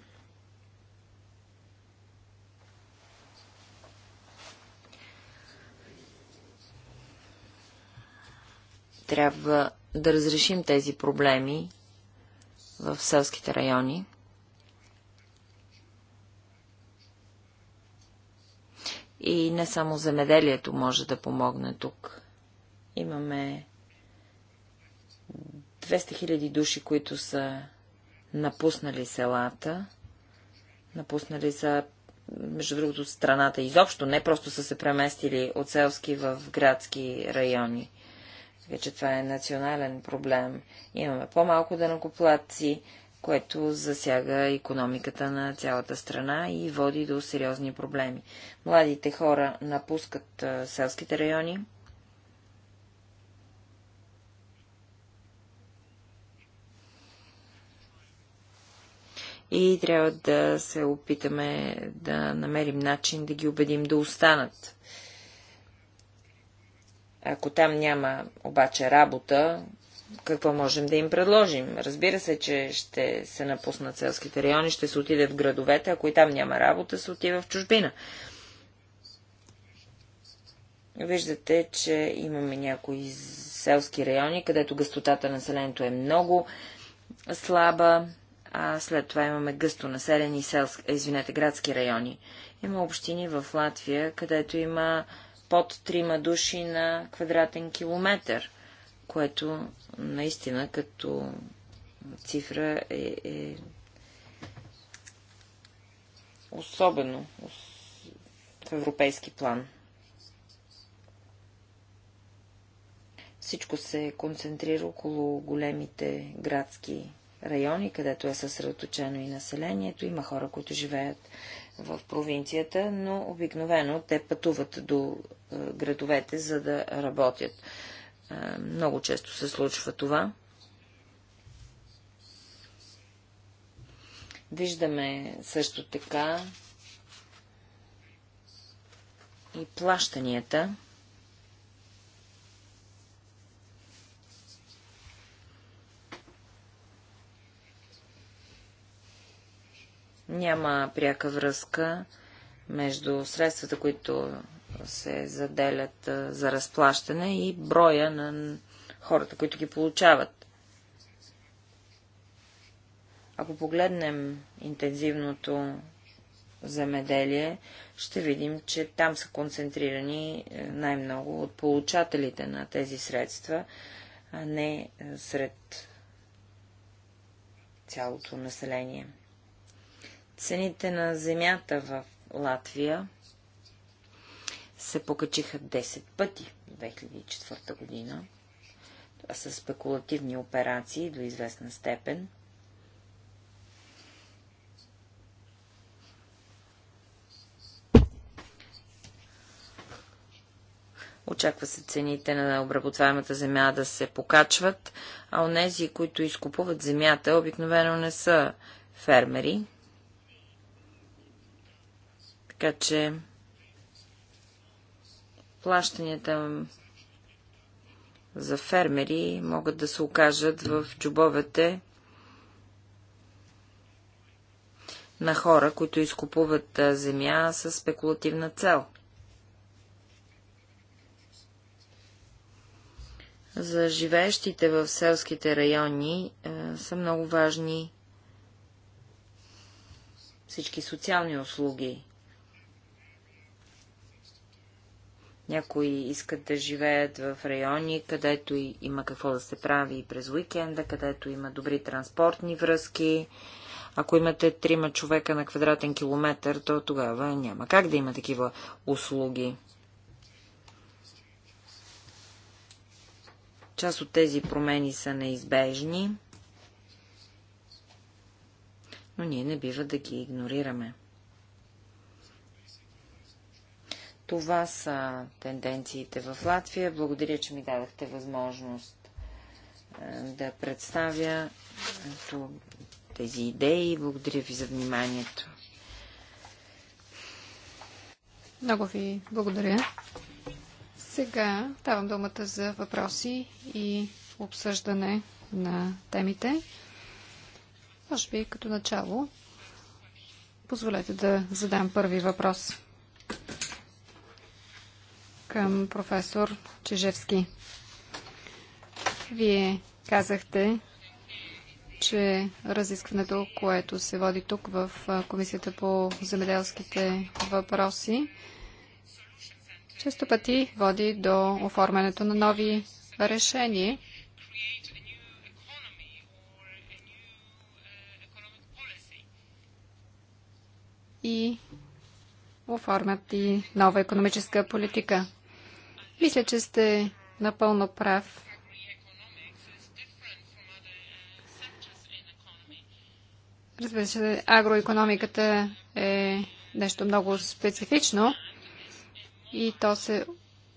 трябва да разрешим тези проблеми в селските райони. И не само земеделието може да помогне тук. Имаме 200 000 души, които са напуснали селата, напуснали са, между другото, страната изобщо, не просто са се преместили от селски в градски райони. Така че това е национален проблем. Имаме по-малко денокоплаци, което засяга економиката на цялата страна и води до сериозни проблеми. Младите хора напускат селските райони, и трябва да се опитаме да намерим начин да ги убедим да останат. Ако там няма обаче работа, какво можем да им предложим? Разбира се, че ще се напуснат селските райони, ще се отидат в градовете, ако и там няма работа, се отива в чужбина. Виждате, че имаме някои селски райони, където гъстотата на населението е много слаба, а след това имаме гъсто населени селски, извинете, градски райони. Има общини в Латвия, където има под трима души на квадратен километър, което наистина като цифра е, е особено в европейски план. Всичко се концентрира около големите градски райони, където е съсредоточено и населението. Има хора, които живеят в провинцията, но обикновено те пътуват до е, градовете, за да работят. Е, много често се случва това. Виждаме също така и плащанията. Няма пряка връзка между средствата, които се заделят за разплащане и броя на хората, които ги получават. Ако погледнем интензивното земеделие, ще видим, че там са концентрирани е, най-много от получателите на тези средства, а не е, сред цялото население. Цените на земята в Латвия се покачиха 10 пъти в 2004 година. Това са спекулативни операции до известна степен. Очаква се цените на обработваемата земя да се покачват, а онези, които изкупуват земята, обикновено не са фермери, така че плащанията за фермери могат да се окажат в джобовете на хора, които изкупуват земя с спекулативна цел. За живеещите в селските райони е, са много важни всички социални услуги, Някои искат да живеят в райони, където има какво да се прави и през уикенда, където има добри транспортни връзки. Ако имате трима човека на квадратен километр, то тогава няма как да има такива услуги. Част от тези промени са неизбежни, но ние не бива да ги игнорираме. Това са тенденциите в Латвия. Благодаря, че ми дадахте възможност е, да представя е, тези идеи. Благодаря ви за вниманието. Много ви благодаря. Сега давам думата за въпроси и обсъждане на темите. Може би като начало позволете да задам първи въпрос към професор Чижевски. Вие казахте, че разискването, което се води тук в Комисията по земеделските въпроси, често пъти води до оформянето на нови решения. И оформят и нова економическа политика. Мисля, че сте напълно прав. Разбира се, агроекономиката е нещо много специфично и то се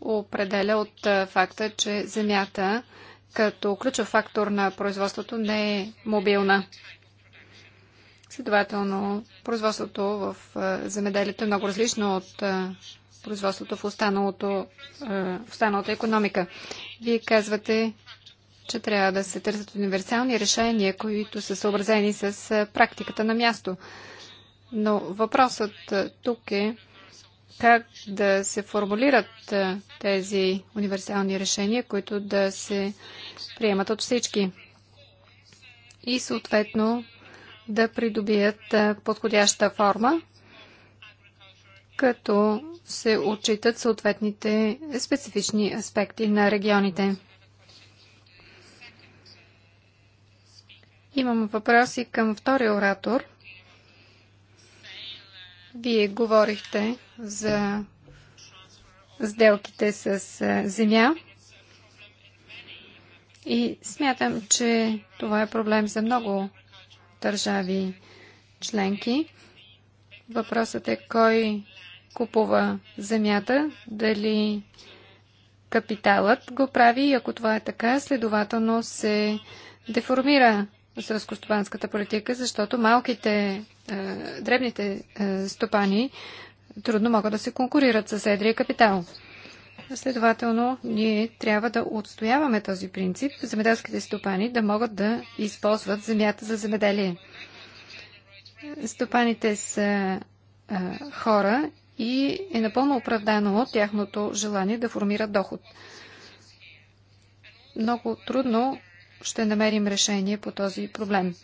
определя от факта, че земята като ключов фактор на производството не е мобилна. Следователно, производството в земеделието е много различно от производството в, останалото, е, в останалата економика. Вие казвате, че трябва да се търсят универсални решения, които са съобразени с е, практиката на място. Но въпросът е, тук е как да се формулират тези универсални решения, които да се приемат от всички и съответно да придобият подходяща форма, като се отчитат съответните специфични аспекти на регионите. Имам въпроси към втория оратор. Вие говорихте за сделките с земя и смятам, че това е проблем за много държави членки. Въпросът е кой купува земята, дали капиталът го прави и ако това е така, следователно се деформира селскостопанската политика, защото малките, е, дребните е, стопани трудно могат да се конкурират с едрия капитал. Следователно, ние трябва да отстояваме този принцип, земеделските стопани да могат да използват земята за земеделие. Стопаните са е, хора и е напълно оправдано от тяхното желание да формират доход. Много трудно ще намерим решение по този проблем.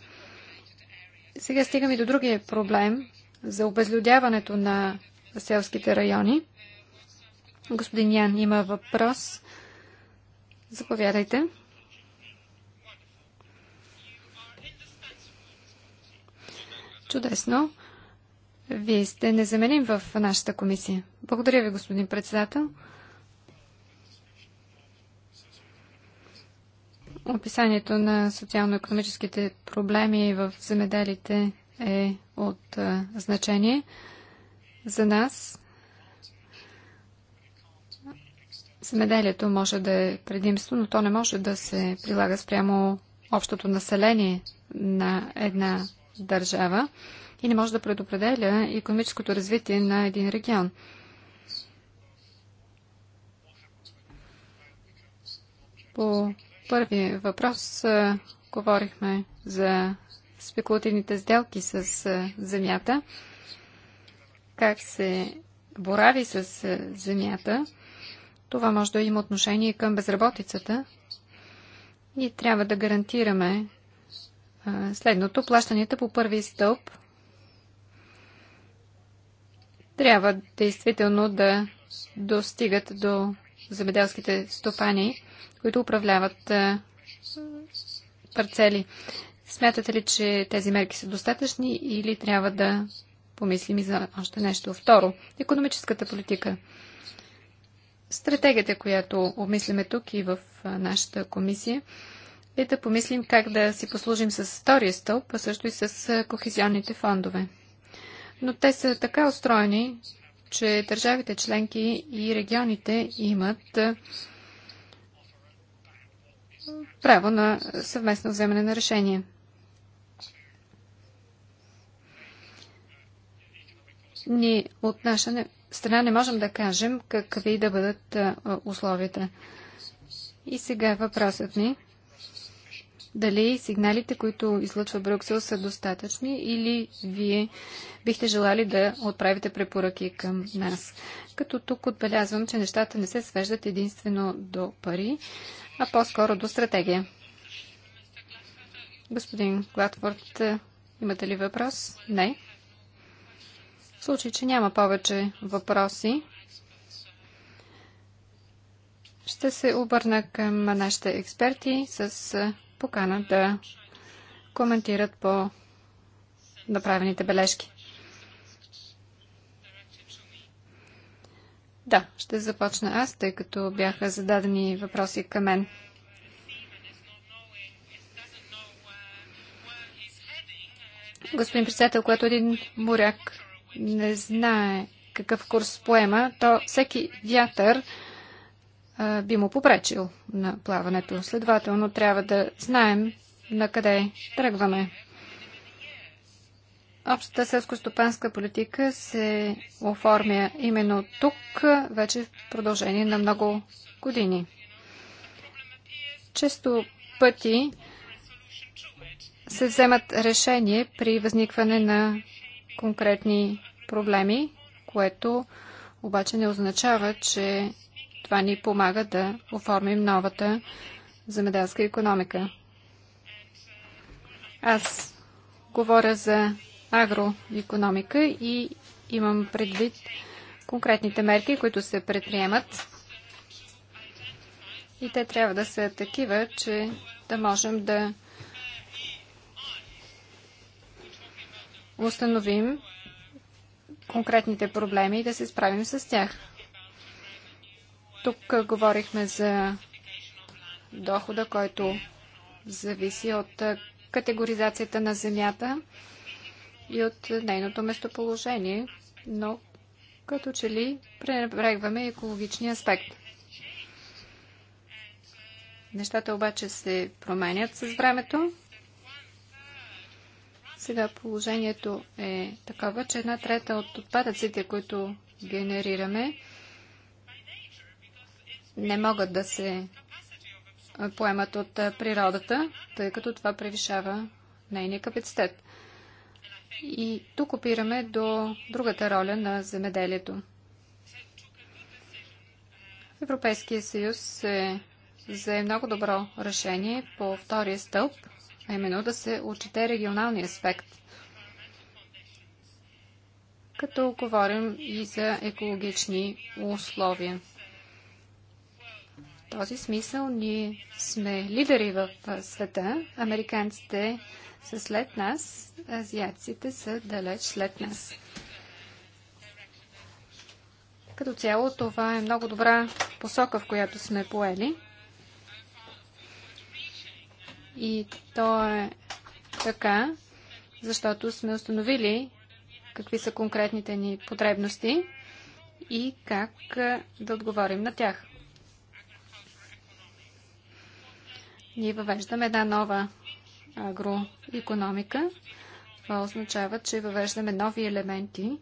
Сега стигаме до другия проблем за обезлюдяването на селските райони. Господин Ян има въпрос. Заповядайте. Чудесно. Вие сте незаменим в нашата комисия. Благодаря ви, господин председател. Описанието на социално-економическите проблеми в земеделите е от а, значение за нас. Земеделието може да е предимство, но то не може да се прилага спрямо общото население на една държава и не може да предопределя економическото развитие на един регион. По първи въпрос говорихме за спекулативните сделки с земята, как се борави с земята. Това може да има отношение към безработицата. Ние трябва да гарантираме следното. Плащанията по първи стълб трябва действително да достигат до земеделските стопани, които управляват парцели. Смятате ли, че тези мерки са достатъчни или трябва да помислим и за още нещо? Второ, економическата политика. Стратегията, която обмисляме тук и в нашата комисия, е да помислим как да си послужим с втория стълб, а също и с кохезионните фондове но те са така устроени, че държавите членки и регионите имат право на съвместно вземане на решение. Ние от наша страна не можем да кажем какви да бъдат условията. И сега въпросът ни – дали сигналите, които излъчва Брюксел, са достатъчни или вие бихте желали да отправите препоръки към нас. Като тук отбелязвам, че нещата не се свеждат единствено до пари, а по-скоро до стратегия. Господин Гладфорд, имате ли въпрос? Не. В случай, че няма повече въпроси, ще се обърна към нашите експерти с покана да коментират по направените бележки. Да, ще започна аз, тъй като бяха зададени въпроси към мен. Господин председател, когато един моряк не знае какъв курс поема, то всеки вятър би му попречил на плаването. Следователно трябва да знаем на къде тръгваме. Общата селско-стопанска политика се оформя именно тук, вече в продължение на много години. Често пъти се вземат решение при възникване на конкретни проблеми, което обаче не означава, че това ни помага да оформим новата земеделска економика. Аз говоря за агроекономика и имам предвид конкретните мерки, които се предприемат. И те трябва да са такива, че да можем да установим конкретните проблеми и да се справим с тях. Тук говорихме за дохода, който зависи от категоризацията на земята и от нейното местоположение, но като че ли пренебрегваме екологичния аспект. Нещата обаче се променят с времето. Сега положението е такова, че една трета от отпадъците, които генерираме, не могат да се поемат от природата, тъй като това превишава нейния капацитет. И тук опираме до другата роля на земеделието. Европейския съюз се взе много добро решение по втория стълб, а именно да се отчете регионалния аспект. Като говорим и за екологични условия този смисъл ние сме лидери в света. Американците са след нас, азиатците са далеч след нас. Като цяло това е много добра посока, в която сме поели. И то е така, защото сме установили какви са конкретните ни потребности и как да отговорим на тях. ние въвеждаме една нова агроекономика. Това означава, че въвеждаме нови елементи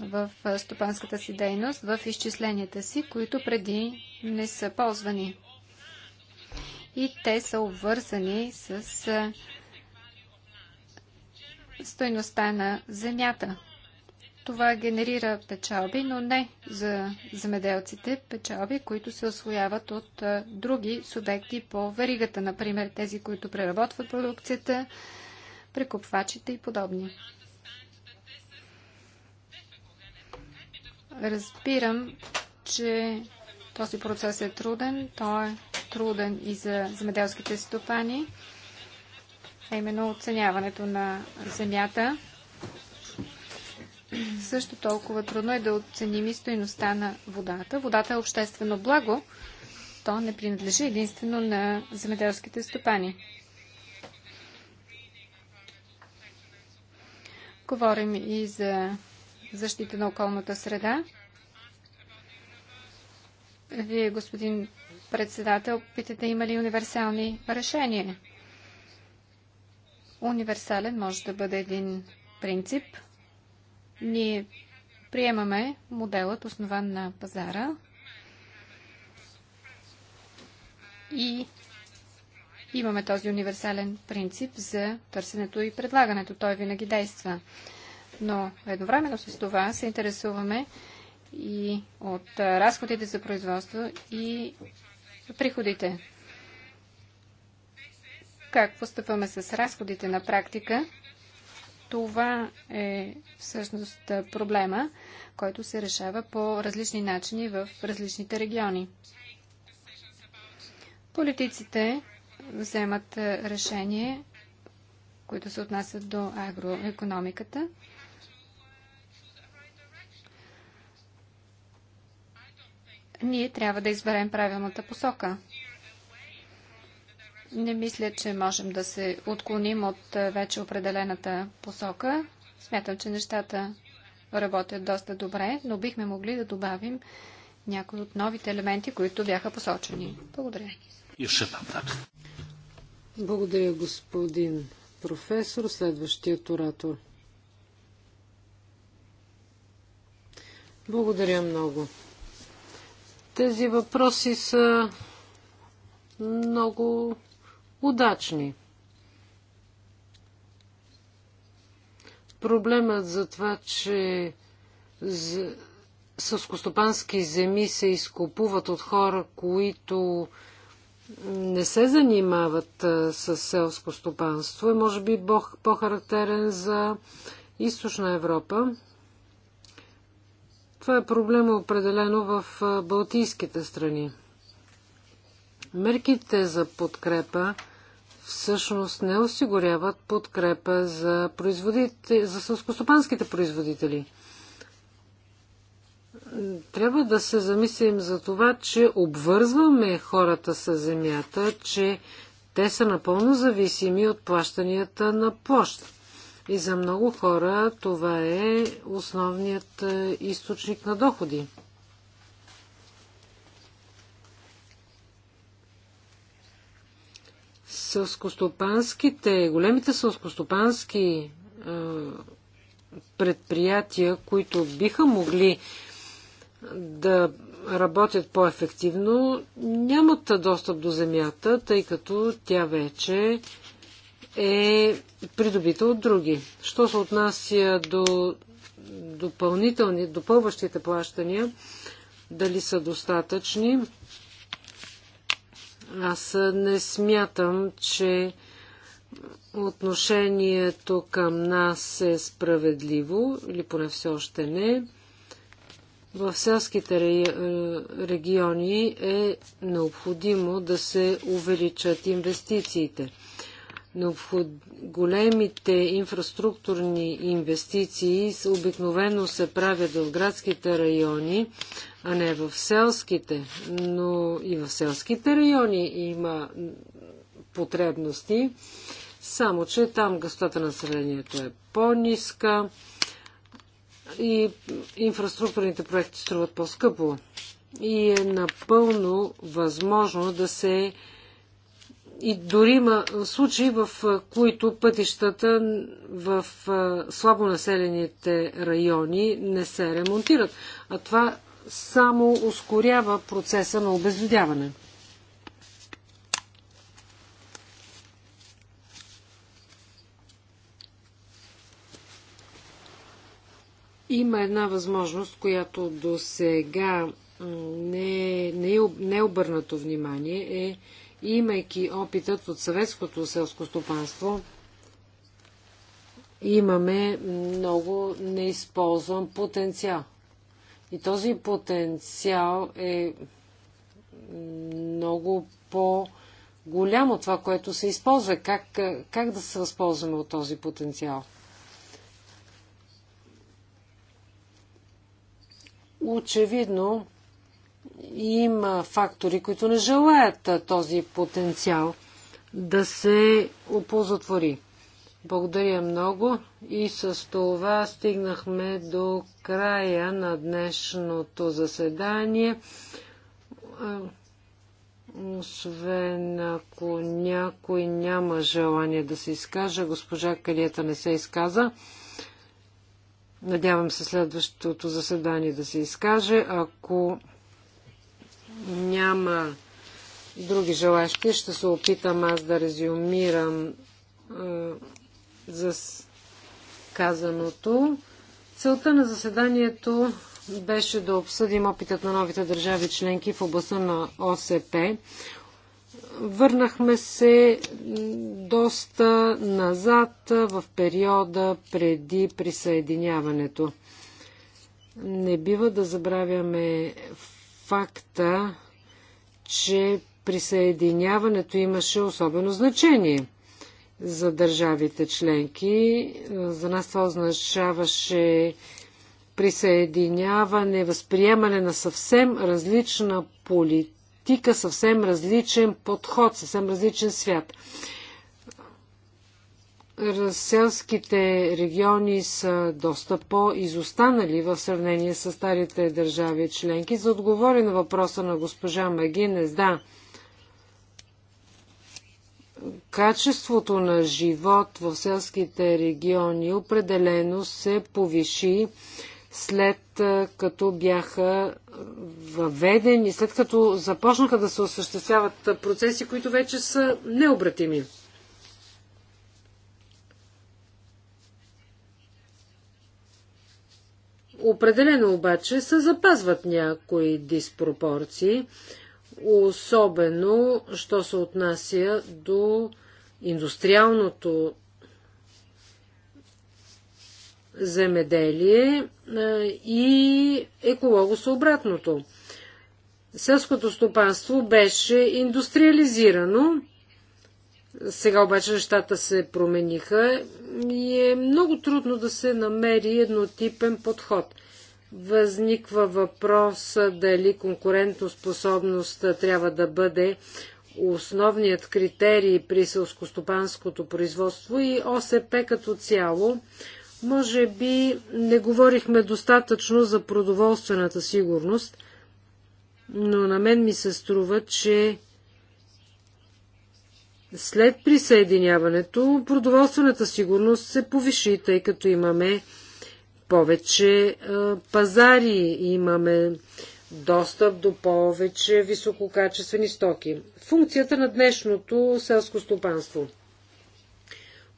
в стопанската си дейност, в изчисленията си, които преди не са ползвани. И те са обвързани с стойността на земята. Това генерира печалби, но не за земеделците, печалби, които се освояват от други субекти по веригата, например тези, които преработват продукцията, прекупвачите и подобни. Разбирам, че този процес е труден. Той е труден и за земеделските стопани, а именно оценяването на земята също толкова трудно е да оценим и стоеността на водата. Водата е обществено благо. То не принадлежи единствено на земеделските стопани. Говорим и за защита на околната среда. Вие, господин председател, питате има ли универсални решения. Универсален може да бъде един принцип – ние приемаме моделът основан на пазара и имаме този универсален принцип за търсенето и предлагането. Той винаги действа. Но едновременно с това се интересуваме и от разходите за производство и приходите. Как постъпваме с разходите на практика? Това е всъщност проблема, който се решава по различни начини в различните региони. Политиците вземат решение, които се отнасят до агроекономиката. Ние трябва да изберем правилната посока. Не мисля, че можем да се отклоним от е, вече определената посока. Смятам, че нещата работят доста добре, но бихме могли да добавим някои от новите елементи, които бяха посочени. Благодаря. Благодаря, господин професор. Следващият оратор. Благодаря много. Тези въпроси са много удачни. Проблемът за това, че сълскостопански земи се изкупуват от хора, които не се занимават с селско стопанство е може би по-характерен за източна Европа. Това е проблема определено в Балтийските страни. Мерките за подкрепа всъщност не осигуряват подкрепа за, производите, за сълскостопанските производители. Трябва да се замислим за това, че обвързваме хората с земята, че те са напълно зависими от плащанията на площ. И за много хора това е основният е, източник на доходи. сълскостопанските, големите сълскостопански е, предприятия, които биха могли да работят по-ефективно, нямат достъп до земята, тъй като тя вече е придобита от други. Що се отнася до допълнителни, допълващите плащания, дали са достатъчни, аз не смятам, че отношението към нас е справедливо, или поне все още не. В селските е, региони е необходимо да се увеличат инвестициите. Необход... Големите инфраструктурни инвестиции обикновено се правят в градските райони, а не в селските. Но и в селските райони има потребности, само че там гъстота на населението е по-ниска и инфраструктурните проекти струват по-скъпо. И е напълно възможно да се и дори има случаи, в които пътищата в слабо населените райони не се ремонтират. А това само ускорява процеса на обезлюдяване. Има една възможност, която до сега не, е, не, е, не е обърнато внимание, е имайки опитът от съветското селско стопанство, имаме много неизползван потенциал. И този потенциал е много по от това, което се използва. Как, как да се възползваме от този потенциал? Очевидно, има фактори, които не желаят този потенциал да се оползотвори. Благодаря много и с това стигнахме до края на днешното заседание. Освен ако някой няма желание да се изкаже, госпожа Калията не се изказа. Надявам се следващото заседание да се изкаже. Ако няма други желащи, ще се опитам аз да резюмирам за казаното. Целта на заседанието беше да обсъдим опитът на новите държави членки в областта на ОСП. Върнахме се доста назад в периода преди присъединяването. Не бива да забравяме факта, че присъединяването имаше особено значение за държавите членки. За нас това означаваше присъединяване, възприемане на съвсем различна политика, съвсем различен подход, съвсем различен свят селските региони са доста по-изостанали в сравнение с старите държави членки. За отговори на въпроса на госпожа Магинес, да, качеството на живот в селските региони определено се повиши след като бяха въведени, след като започнаха да се осъществяват процеси, които вече са необратими. Определено обаче се запазват някои диспропорции, особено, що се отнася до индустриалното земеделие и екологосъобратното. Селското стопанство беше индустриализирано сега обаче нещата се промениха и е много трудно да се намери еднотипен подход. Възниква въпрос дали конкурентоспособността трябва да бъде основният критерий при селскостопанското производство и ОСП като цяло. Може би не говорихме достатъчно за продоволствената сигурност, но на мен ми се струва, че след присъединяването продоволствената сигурност се повиши, тъй като имаме повече пазари, имаме достъп до повече висококачествени стоки. Функцията на днешното селско стопанство.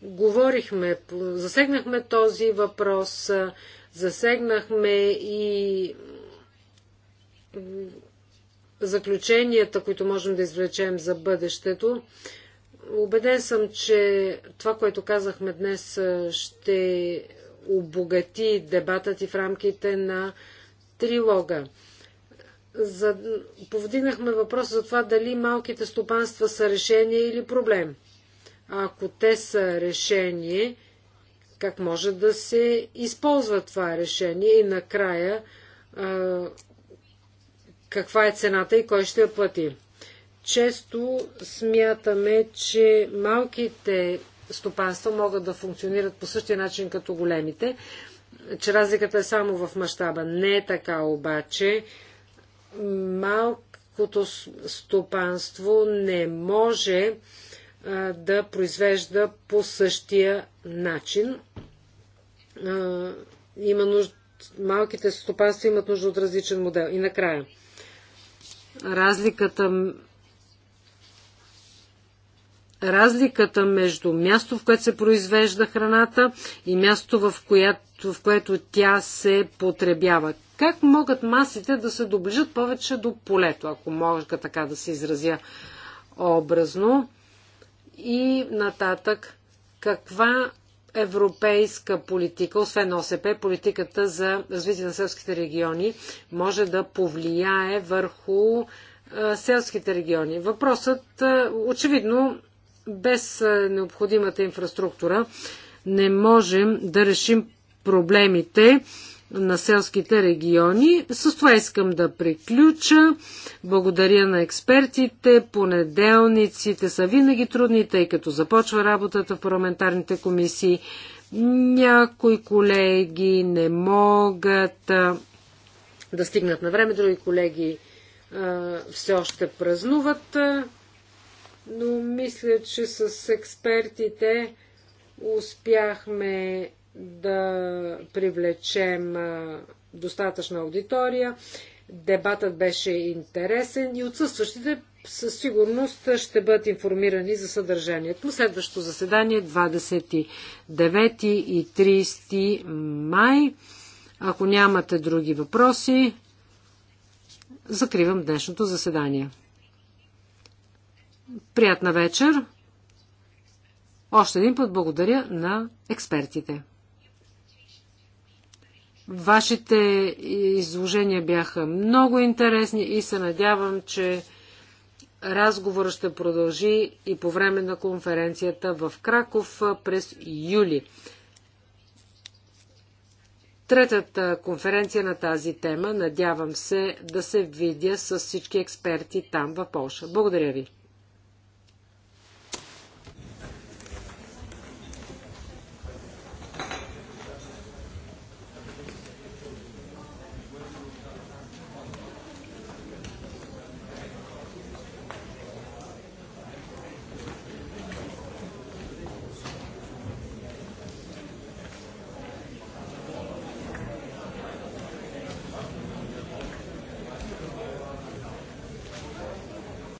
Говорихме, засегнахме този въпрос, засегнахме и заключенията, които можем да извлечем за бъдещето. Обеден съм, че това, което казахме днес, ще обогати дебатът и в рамките на трилога. За... Повдигнахме въпроса за това дали малките стопанства са решение или проблем. А ако те са решение, как може да се използва това решение и накрая каква е цената и кой ще я плати. Често смятаме, че малките стопанства могат да функционират по същия начин като големите, че разликата е само в мащаба. Не е така обаче. Малкото стопанство не може да произвежда по същия начин. има нужда, малките стопанства имат нужда от различен модел. И накрая. Разликата разликата между място, в което се произвежда храната и място, в, което, в което тя се потребява. Как могат масите да се доближат повече до полето, ако мога така да се изразя образно? И нататък, каква европейска политика, освен ОСП, политиката за развитие на селските региони може да повлияе върху селските региони. Въпросът очевидно без е, необходимата инфраструктура не можем да решим проблемите на селските региони. С това искам да приключа. Благодаря на експертите. Понеделниците са винаги трудни, тъй като започва работата в парламентарните комисии. Някои колеги не могат е, да стигнат на време, други колеги е, все още празнуват но мисля, че с експертите успяхме да привлечем достатъчна аудитория. Дебатът беше интересен и отсъстващите със сигурност ще бъдат информирани за съдържанието. Следващото заседание 29 е и 30 май. Ако нямате други въпроси, закривам днешното заседание. Приятна вечер! Още един път благодаря на експертите. Вашите изложения бяха много интересни и се надявам, че разговор ще продължи и по време на конференцията в Краков през юли. Третата конференция на тази тема надявам се да се видя с всички експерти там в Польша. Благодаря ви!